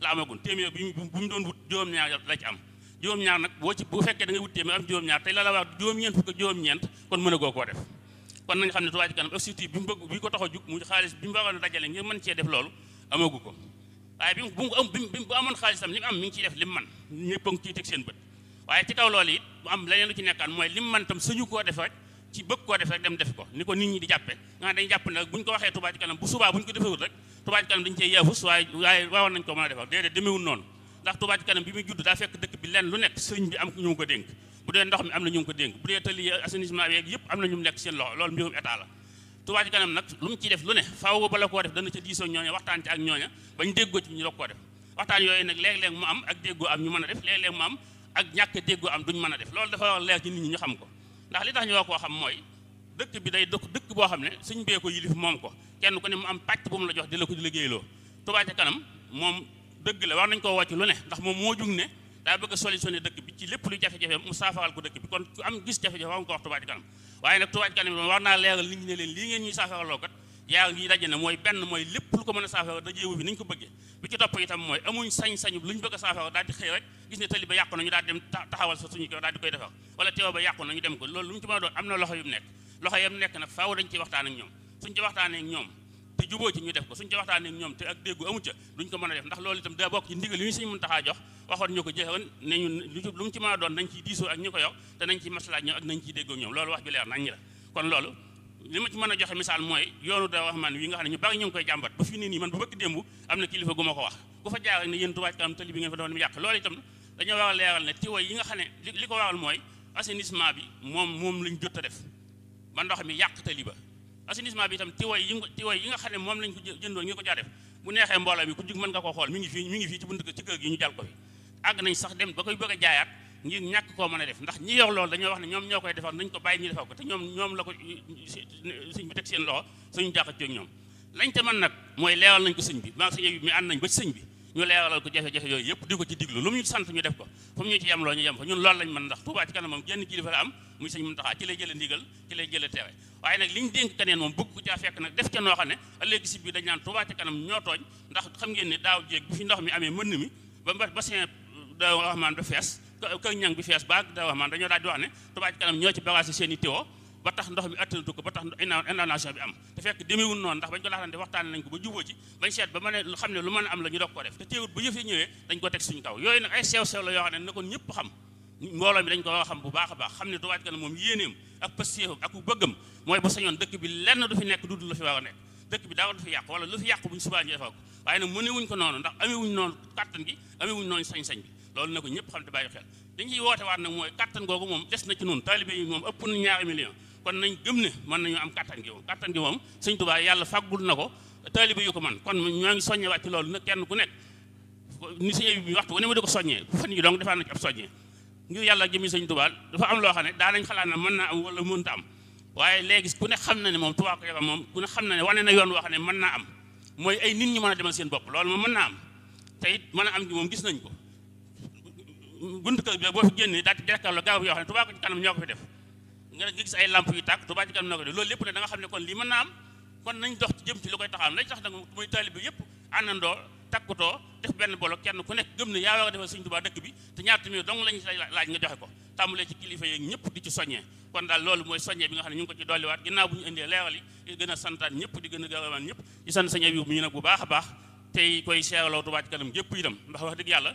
Speaker 2: la amagun téeméer bu ñu doon wut juróom-ñaar la ci am juróom-ñaar nag boo ci bu fekkee da nga wuttee mi am juróom-ñaar tey la la wax juróom-ñeent fukk a goo Kanam ko tax a jug a dajale ngir mën cee def ko waaye bi mu bu am bi am mi ngi ciy def li mu man ñëpp a ngi ciy teg ci kaw loolu it mu am leneen koo def rek ci bëgg koo ko ni ko nit ñi jàppe nga dañu jàpp ne ko waxee Touba Ca Kanam subaa bu ko defewut rek Touba Ca Kanam dañu cee yaafus waaye waaye waawoon nañ ko mën a defal déedéet demeewul noonu ndax Touba Ca Kanam bi muy judd daa fekk dëkk bi lenn lu nekk sëñ bi am ñu ko dénk bu dee ndox mi am na ñu ko dénk bu dee tali assainissement yeeg yëpp am na ñu nekk seen loxo loolu mbirum état la Touba Kanam nag lu mu ciy def lu ne faaw bala koo def dana ca diisoo ñooña waxtaan ci ak ñooña bañ déggoo ci ñu doog koo def waxtaan yooyu nag léeg-léeg mu am ak déggoo am ñu mën a def léeg-léeg mu am ak ñàkk déggoo am duñ mën a def loolu dafa wax leer ci nit ñu xam ko ndax koo xam mooy dëkk bi day dëkk dëkk boo xam ne suñ bee ko yilif ko kenn ku ne mu am pàcc bu mu la jox di la ko di liggéeyloo Touba Ca dëgg la wax nañ koo wàcc lu ne ndax moom moo jug ne daa bëgg a solutionné dëkk bi ci lépp lu jafe-jafe mu saafaral ko dëkk bi kon ku am gis jafe-jafe am ko wax Touba Kanam waaye nag Touba Kanam bi naa leeral nit ngeen ñuy saafaraloo mooy benn mooy lu ko mën a saafara dajeewu fi ni ñu ko bëggee bi ci topp itam mooy amuñ sañ-sañu lu ñu bëgg a saafara daal di xëy rek gis ne tali ba yàqu na ñu daal di dem taxawal sa suñu ko daal di koy defar wala teew ba yàqu na ñu dem ko loolu lu mu ci mën a doon am na loxo yu nekk loxo yam nekk nag faaw dañ ci waxtaanee ñoom te juboo ci ñu def ko suñ ca waxtaanee ak ñoom te ak déggu amu ca duñ ko mën a def ndax loolu itam daa bokk ci ndigal li ñu suñu a doon nañ ciy ma ci mën a joxe misaal mooy yoonu da wax man wi nga xam ne ñu bari ñu ba fii nii nii man bu bëgg démb am na kilifa gu ma ne yéen Touba ca war a leeral ne tiwo yi nga xam ne li ko waral mooy assainissement bi moom moom lañ jot a def ba ndox mi yàq tali ba assainissement bi itam tiwaay yi tiwaay yi nga xam ne moom lañ ko jëndoon ñu ko caa def bu neexee mbooloo mi ku jug mën nga ko xool mi ngi fii mi ngi fii ci bunt ci ñu jàll ko fi àgg nañ sax dem ba koy bëgg jaayaat ngir ñàkk koo mën a def ndax ñi yor loolu dañoo wax ne ñoom ñoo koy defar nañ ko bàyyi ñu defar ko te ñoom ñoom la ko sëñ bi teg seen loxo suñu jàkka ci ñoom lañ te mën nag mooy leewal nañ ko sëñ bi maa sëñ bi mi ànd nañ ba ci sëñ bi ñu leeralal ko jafe-jafe yooyu yëpp di ko ci diglu lu mu ñu sant ñu def ko fu mu ñu ci yem loo ñu yem fa ñun loolu lañ mën ndax Tuubaa ci kanam moom genn kilifa la am muy sëñ Muntaxaa ci lay jële ndigal ci lay jële tere waaye nag li ñu dénk keneen moom bëgg ko caa fekk nag def ca noo ne ëllëg si biir dañ naan Tuubaa ci kanam ñoo tooñ ndax xam ngeen daaw jéeg bi fi ndox mi amee mënn mi ba bassin da waxmaan ba fees kër ñang bi fees ba da waxmaan dañoo daal di wax ne Tuubaa ci kanam ñoo ci bagage seen i tiwo ba tax ndox mi attanatu ko ba tax inondation bi am te fekk demewul noonu ndax bañ ko laaxante waxtaan nañ ko ba jubóo ci bañ seet ba mën a xam ne lu mën a am la ñu doog ko def te teewut bu yëf ñëwee dañ ko teg suñu ne na kon ñëpp xam mbooloo mi dañ ko xam bu a baax xam ne Touba Ca Kanam moom yéeneem ak pastéefam ak ku bëggam mooy ba du fi lu fi war a nekk dëkk bi daaw du fi yàqu wala lu fi yàqu buñ subaa ñu ko waaye nag mënewuñ ko noonu ndax amewuñ noonu kàttan gi amewuñ noonu sañ-sañ bi loolu na ko ñëpp xam te bàyyi xel dañ woote waat nag mooy kàttan googu moom des kon nañ gëm ne mën nañu am kattan gi moom kattan gi moom sëñ Tuubaa yàlla fàggul na ko taalibe yu ko man kon ñoo ngi soññe waat ci loolu nag kenn ku nekk ni sëñ bi waxtu wu ne ma di ko soññee defaan na ci ab soññee ngir yàlla jëmi sëñ Tuubaa dafa am loo xam ne daa nañ xalaat na mën naa am wala mënta am waaye léegi ku ne xam na ne moom Tuubaa ko yebal moom ku ne xam na ne wane na yoon woo xam ne mën naa am mooy ay nit ñi mën a demal seen bopp loolu moom mën naa am te it mën a am gi moom gis nañ ko bunt kër bi boo fi génnee daa ci jàkkaarloo garab yoo xam ne Tuubaa ko ci kanam ñoo ko fi def nga gis ay lamp yu tàkk Touba ci kanam na ko de loolu lépp ne da nga xam ne kon lii mën naa am kon nañ dox jëm ci li koy taxaam lañ tax nag muy def benn bolo kenn ku nekk gëm ne yaa war a defal Sëñ Touba dëkk bi te ñaar téeméer dong lañ laaj nga joxe ko tàmbalee kilifa ñëpp di ci kon daal loolu mooy soññee bi ne ñu ngi ko ci dolliwaat yi gën a di gën a garamaan ñëpp di sant sañe bu baax a baax tey koy seeraloo Touba ci kanam yëpp itam wax dëgg yàlla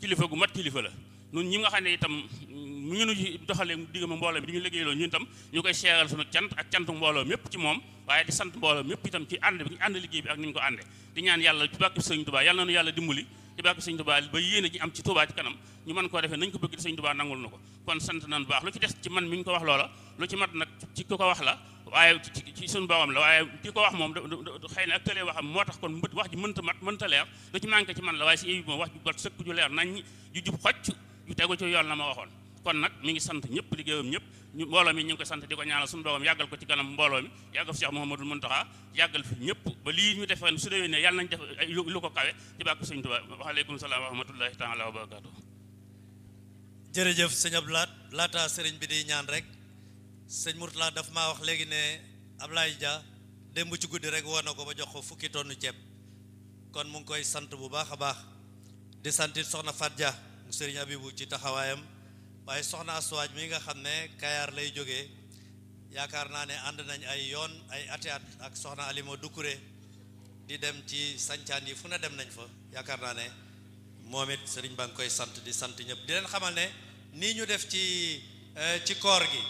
Speaker 2: kilifa gu mat kilifa la nun ñi nga xamne itam mu mm, ñu doxale digëm mbooloo mi di ñu liggéeyloo ñun tam ñukay koy seeral sunu cant ak cyant mbooloo mépp ci mom waye di sant mbooloo mépp itam ci ànd bi ñu ànd liggéey bi ak ni ko ànde di ñaan yalla ci bakki sëñ touba yalla nañu yalla dimbali ci bakki sëñ touba ba yéene ci am ci touba ci kanam ñu man ko defee nañ ko bëgg di touba nangul nako kon sant nañ bu baax lu ci dess ci man mi ñu ko wax loola lu ci mat nak ci ko wax la waye ci suñu boobam la waye ci ko wax mom xëy na ak tele waxam motax kon mbët wax ji mën ta mat ta leer lu ci manke ci man la waye ci yi mo wax ju bat sekk ju leer nañ ju jup xocc yu tegu ci yoon la ma waxoon kon nag mi ngi sant ñëpp liggéeyam ñëpp ñu mbooloo mi ñu ngi koy sant di ko ñaanal suñu doomam yàggal ko ci kanam mbooloo mi yàggal fi Cheikh Mouhamadou Mountakha yàggal fi ñëpp ba lii ñu defoon su déwénee yàlla nañ def lu ko kawe ci bàkk Sëñ Tuubaa waaleykum salaam wa rahmatullahi taala wa barakaatu
Speaker 3: jërëjëf sëñ Abdou Lahat sëriñ bi di ñaan rek sëñ Mourtala daf maa wax léegi ne Ablaye Dia démb ci guddi rek woo na ko ba jox ko fukki tonnu ceeb kon mu ngi koy sant bu baax a baax di santit soxna Fatou Dia sëriñ Abibou ci taxawayam waye soxna Aswaaj mi nga xamne kayar lay joge yaakaar naa ne nañ ay yoon ay atiat ak soxna mo Dukure di dem ci santian yi fu na dem nañ fa yaakaar naa ne moom it koy sante di sante ñep di len xamal ne ni ñu def ci eh, ci koor gi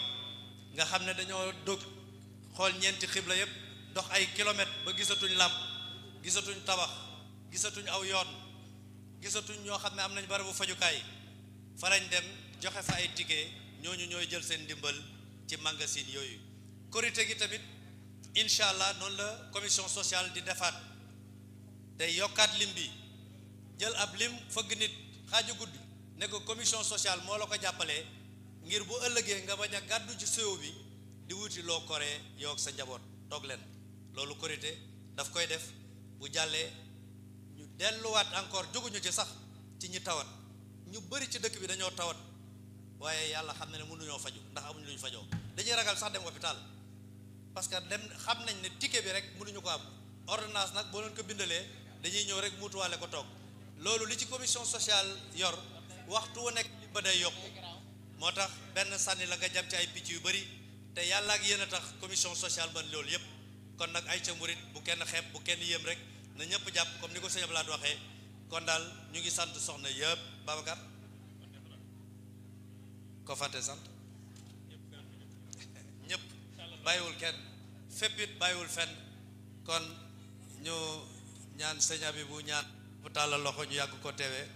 Speaker 3: nga xamne dog xibla dox ay kilomètre ba gisatuñ lamp gisatuñ tabax gisatuñ aw yoon gisatuñ ñoo xam ne am nañ barabu fajukaay farañ dem joxe fa ay ticket ñooñu ñooy jël seen ndimbal ci magasin yooyu korite gi tamit incha allah noonu la commission sociale di defaat day yokkaat lim bi jël ab lim fëgg nit xaaju gudd ne ko commission sociale moo la ko jàppalee ngir bu ëllëgee nga bañ a gàddu ci sow bi di wuti loo kore yoog sa njaboot toog leen loolu korite daf koy def bu jàllee delluwaat encore jóguñu ci sax ci ñi tawat ñu bëri ci dëkk bi dañoo tawat waaye yàlla xam na ne mënuñoo faju ndax amuñu luñu fajoo dañuy ragal sax dem hôpital parce que dem xam nañ ne ticket bi rek mënuñu ko am ordonnance nag boo leen ko bindalee dañuy ñëw rek muutuwaale ko toog loolu li ci commission sociale yor waxtu wu nekk ba day yokku moo tax benn sànni la nga jam ci ay picc yu bëri te yàlla ak yéen a tax commission sociale ban loolu yëpp kon nag ay ca bu kenn xeeb bu kenn yéem rek na ñëpp japp comme ni ko sëñ Ablaat kon dal ñu ngi sante soxna yeb babakar ko fàtte sant ñëpp bayiwul kenn fépp bayiwul fenn kon ñu ñaan seigne abi bu ñaan bu tala loxo ñu yag ko teewee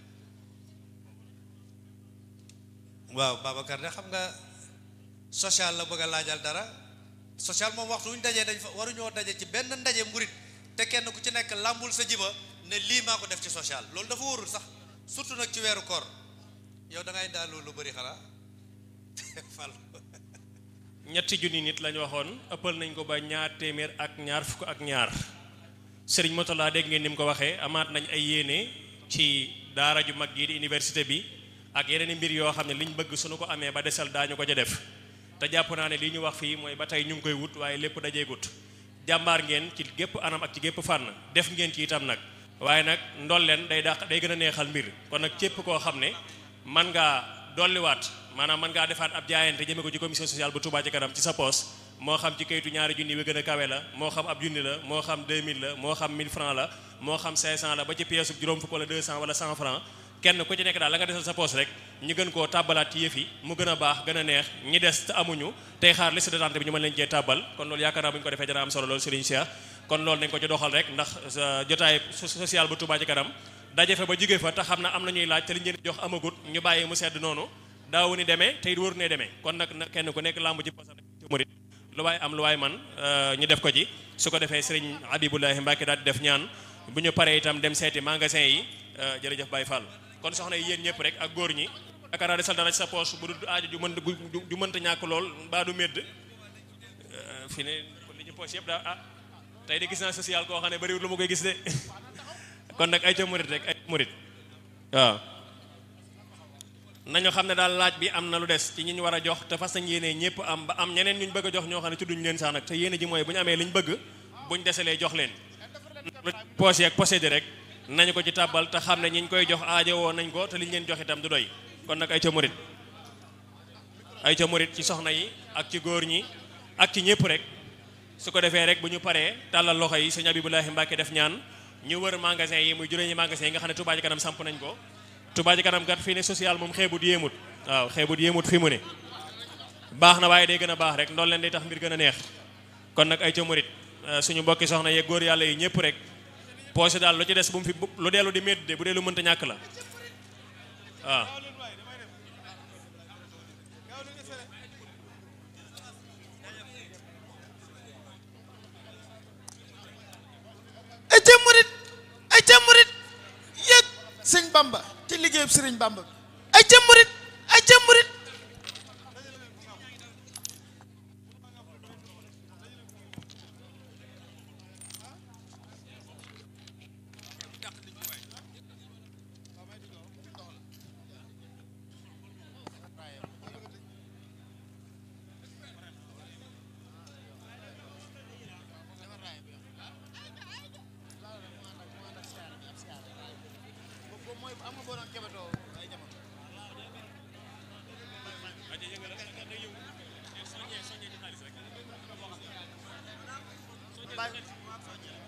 Speaker 3: waaw babakar de xam nga social la bëgg laajal dara social mom waxtu ñu dajé dañ fa waruñoo dajé ci benn murit te kenn ku ci nekk làmbul sa jiba ne lii maa ko def ci social loolu dafa wóorul sax surtout nag ci weeru koor yow da ngay daal lu bëri xala fal
Speaker 5: ñetti junni nit lañ waxoon ëppal nañ ko ba ñaar téeméer ak ñaar fukk ak ñaar sëriñ laa dégg ngeen ni mu ko waxee amaat nañ ay yéene ci daara ju mag yi di université bi ak yeneen mbir yoo xam ne liñ bëgg suñu ko amee ba desal daañu ko ca def te jàpp naa ne li ñu wax fii mooy ba tey ñu ngi koy wut waaye lépp dajeegut jàmbaar ngeen ci gépp anam ak ci gépp fànn def ngeen ci itam nag waaye nag ndolleen day dàq day gën a neexal mbir kon nag képp koo xam ne man ngaa dolliwaat maanaam man ngaa defaat ab jaayante jëme ko ci commission sociale bu Touba ci kanam ci sa poos moo xam ci kayitu ñaari junni bi gën a kawe la moo xam ab junni la moo xam 2000 la moo xam 1000 francs la moo xam 500 la ba ci pièce juróom fukk wala 200 wala 100 francs kenn ku ci nekk daal la nga desal sa poos rek ñu gën koo tàbbalaat ci mu gën a baax gën a neex ñi des te amuñu tey xaar liste d'attente bi ñu mën leen cee tàbbal kon loolu yaakaar naa bu ñu ko defee dana am solo loolu Serigne Cheikh kon loolu nañ ko ci doxal rek ndax euh, jotaay bu Touba ci kanam daje fa ba jigee fa te xam na am na ñuy laaj te liñ leen jox amagut ñu bàyyi mu sedd noonu daawu ni demee tey wër ne demee kon nag kenn ku nekk làmb ci poosam murit lu waay am lu waay man euh, ñu def ko ji su ko defee Serigne Abibulahi Mbacke daal di def ñaan bu ñu paree itam dem seeti magasin yi euh, jërëjëf Baye Fall kon soxna yi yéen ñëpp rek ak góor ñi yaakaar naa desal dara sa poche bu du aajo ju mën ju mënta ñàkk lool mbaa du medd euh, fi ne li ñu poche yëpp daa ah tey de gis naa social koo xam ne bariwul lu ma koy gis de kon nag ay ca murit rek ay murit waaw nañu xam ne daal laaj bi am na lu des ci ñi ñu war a jox te fas nañ yéene ñëpp am ba am ñeneen ñu bëgg a jox ñoo xam ne tudduñu leen sax nag te yéene ji mooy bu ñu amee liñ bëgg buñ desalee jox leen. lu poche yeeg posé rek. nañu ko ci tàbbal te xam ne ñi ñu koy jox aajo woon nañ ko te ñu leen jox itam du doy kon nag ay ca morit ay ca morit ci soxna yi ak ci góor ñi ak ci ñëpp rek su ko defee rek bu ñu paree tàllal loxo yi sëñ Abibulahi Mbàkke def ñaan ñu wër magasin yi muy juróomi magasin yi nga xam ne Touba Ca Kanam samp nañ ko Touba Ca kat fii ne social moom xeebut yéemut waaw xeebut yéemut fi mu ne baax na waaye day gën a baax rek ndool leen day tax mbir gën a neex kon nag ay ca murit suñu mbokki soxna yee góor yàlla yi ñëpp rek poche dal lo ci sebelum bum fi lo deelu di medde bu dee lu mënta ñàkk la waaw ah.
Speaker 1: bamba ci liggéeyub sëriñ bamba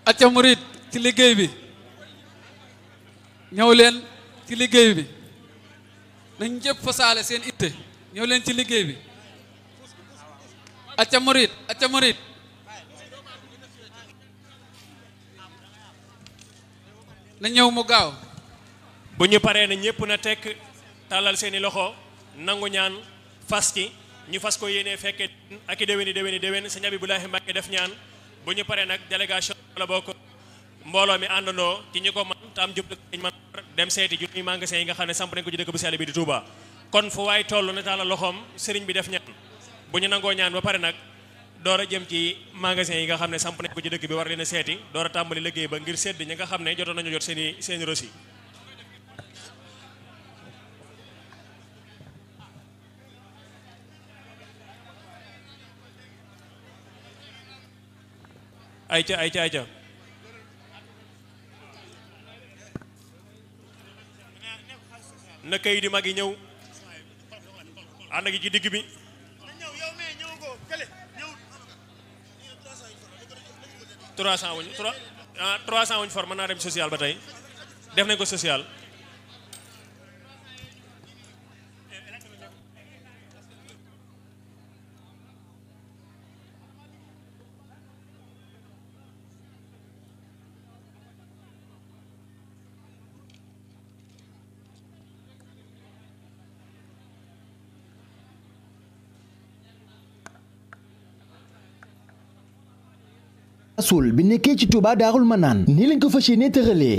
Speaker 2: acca murid ci liggey bi ñew leen ci liggey bi nañ ñëpp fasaale seen itte ñew leen ci liggey bi acca murid acca murid
Speaker 5: na ñew mu gaaw bu ñu paré na ñepp na tek talal seeni loxo nangu ñaan fas ci ñu fas ko yene fekke ak deweni deweni deweni déwén sëñ Abibulahi def ñaan bu ñu paré nak délégation wala bokk mbolo mi andono ci ñi man tam jup de man dem seeti junniy magasin yi nga xam ne samp nañ ko ci dekk bu sell bi di Touba kon fu way tollu na taala loxom serign bi def ñaan bu ñu nango ñaan ba pare nak door jëm ci magasin yi nga xamne samp nañ ko ci dekk bi war leena seeti door tambali liggey ba ngir sedd ñi nga xamne jotto nañu jot seen i seen rosi ayca ay ayca na kayit di mag yi ñëw ànd gi ci digg bi trois cent wuñ trois ah, cent wuñ mën naa dem social ba tey def nañ ko social
Speaker 1: Soul bi nekké ci Touba darul manan ni lañ ko fas yéene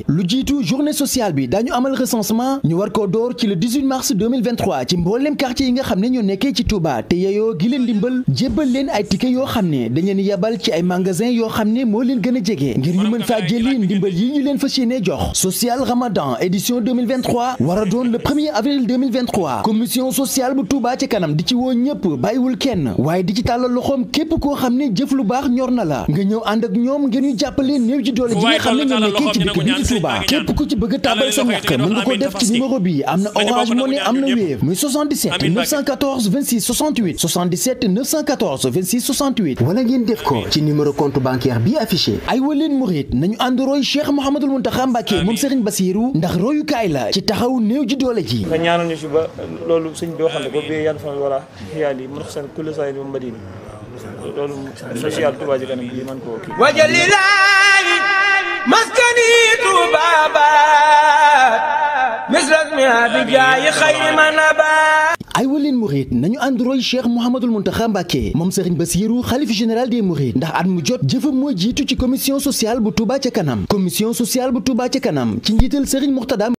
Speaker 1: lu jitu journée sociale bi dañu amal recensement ñu war ko door ci le 18 mars 2023 ci mboolem quartier yi nga xamné ñu nekké ci Touba te yeyo gi leen dimbal djébal leen ay ticket yo xamné ne dañ leen yebal ci ay magasin yo xamné mo leen gën ngir ñu mëna fa djéli dimbal yi ñu leen jox social Ramadan édition 2023 wara doon le 1er avril 2023 commission sociale bu Touba ci kanam di ci wo ñëpp bayiwul kenn waaye di ci tàllal loxoom képp ko xamné jëf lu baax ñor na la nga ñëw and ñoom ngeen ñu jàppale néew ji doole ji nga xam ne ñoom nekkee ci dëkk bii di Touba képp ku ci bëgg a sa ñàkk mën nga ko def ci numéro bi am na Orange Money am na Wave muy 77 ngeen def ko ci numéro compte bancaire bi affiché ay waleen murit nañu ànd roy Cheikh Mouhamadoul Mountakha Mbacké moom Serigne Bassirou ndax royukaay la ci taxaw néew ji doole ji nga
Speaker 4: ñaanal ñu ci ba loolu sëñ bi waxal ko bi yàlla fa wala xiyaali mën xasan kulli saa yi madina social Touba Ca Kanam yi
Speaker 1: mën koo kii wajali ay waleen murid nañu ànd roy cheikh mouhamadul muntaxa mbàkke moom sëriñ basiiru xalif général des mourides ndax at mu jot jëfam moo jiitu ci commission sociale bu Touba ca kanam commission sociale bu Touba ca kanam ci njiital sëriñ muxtada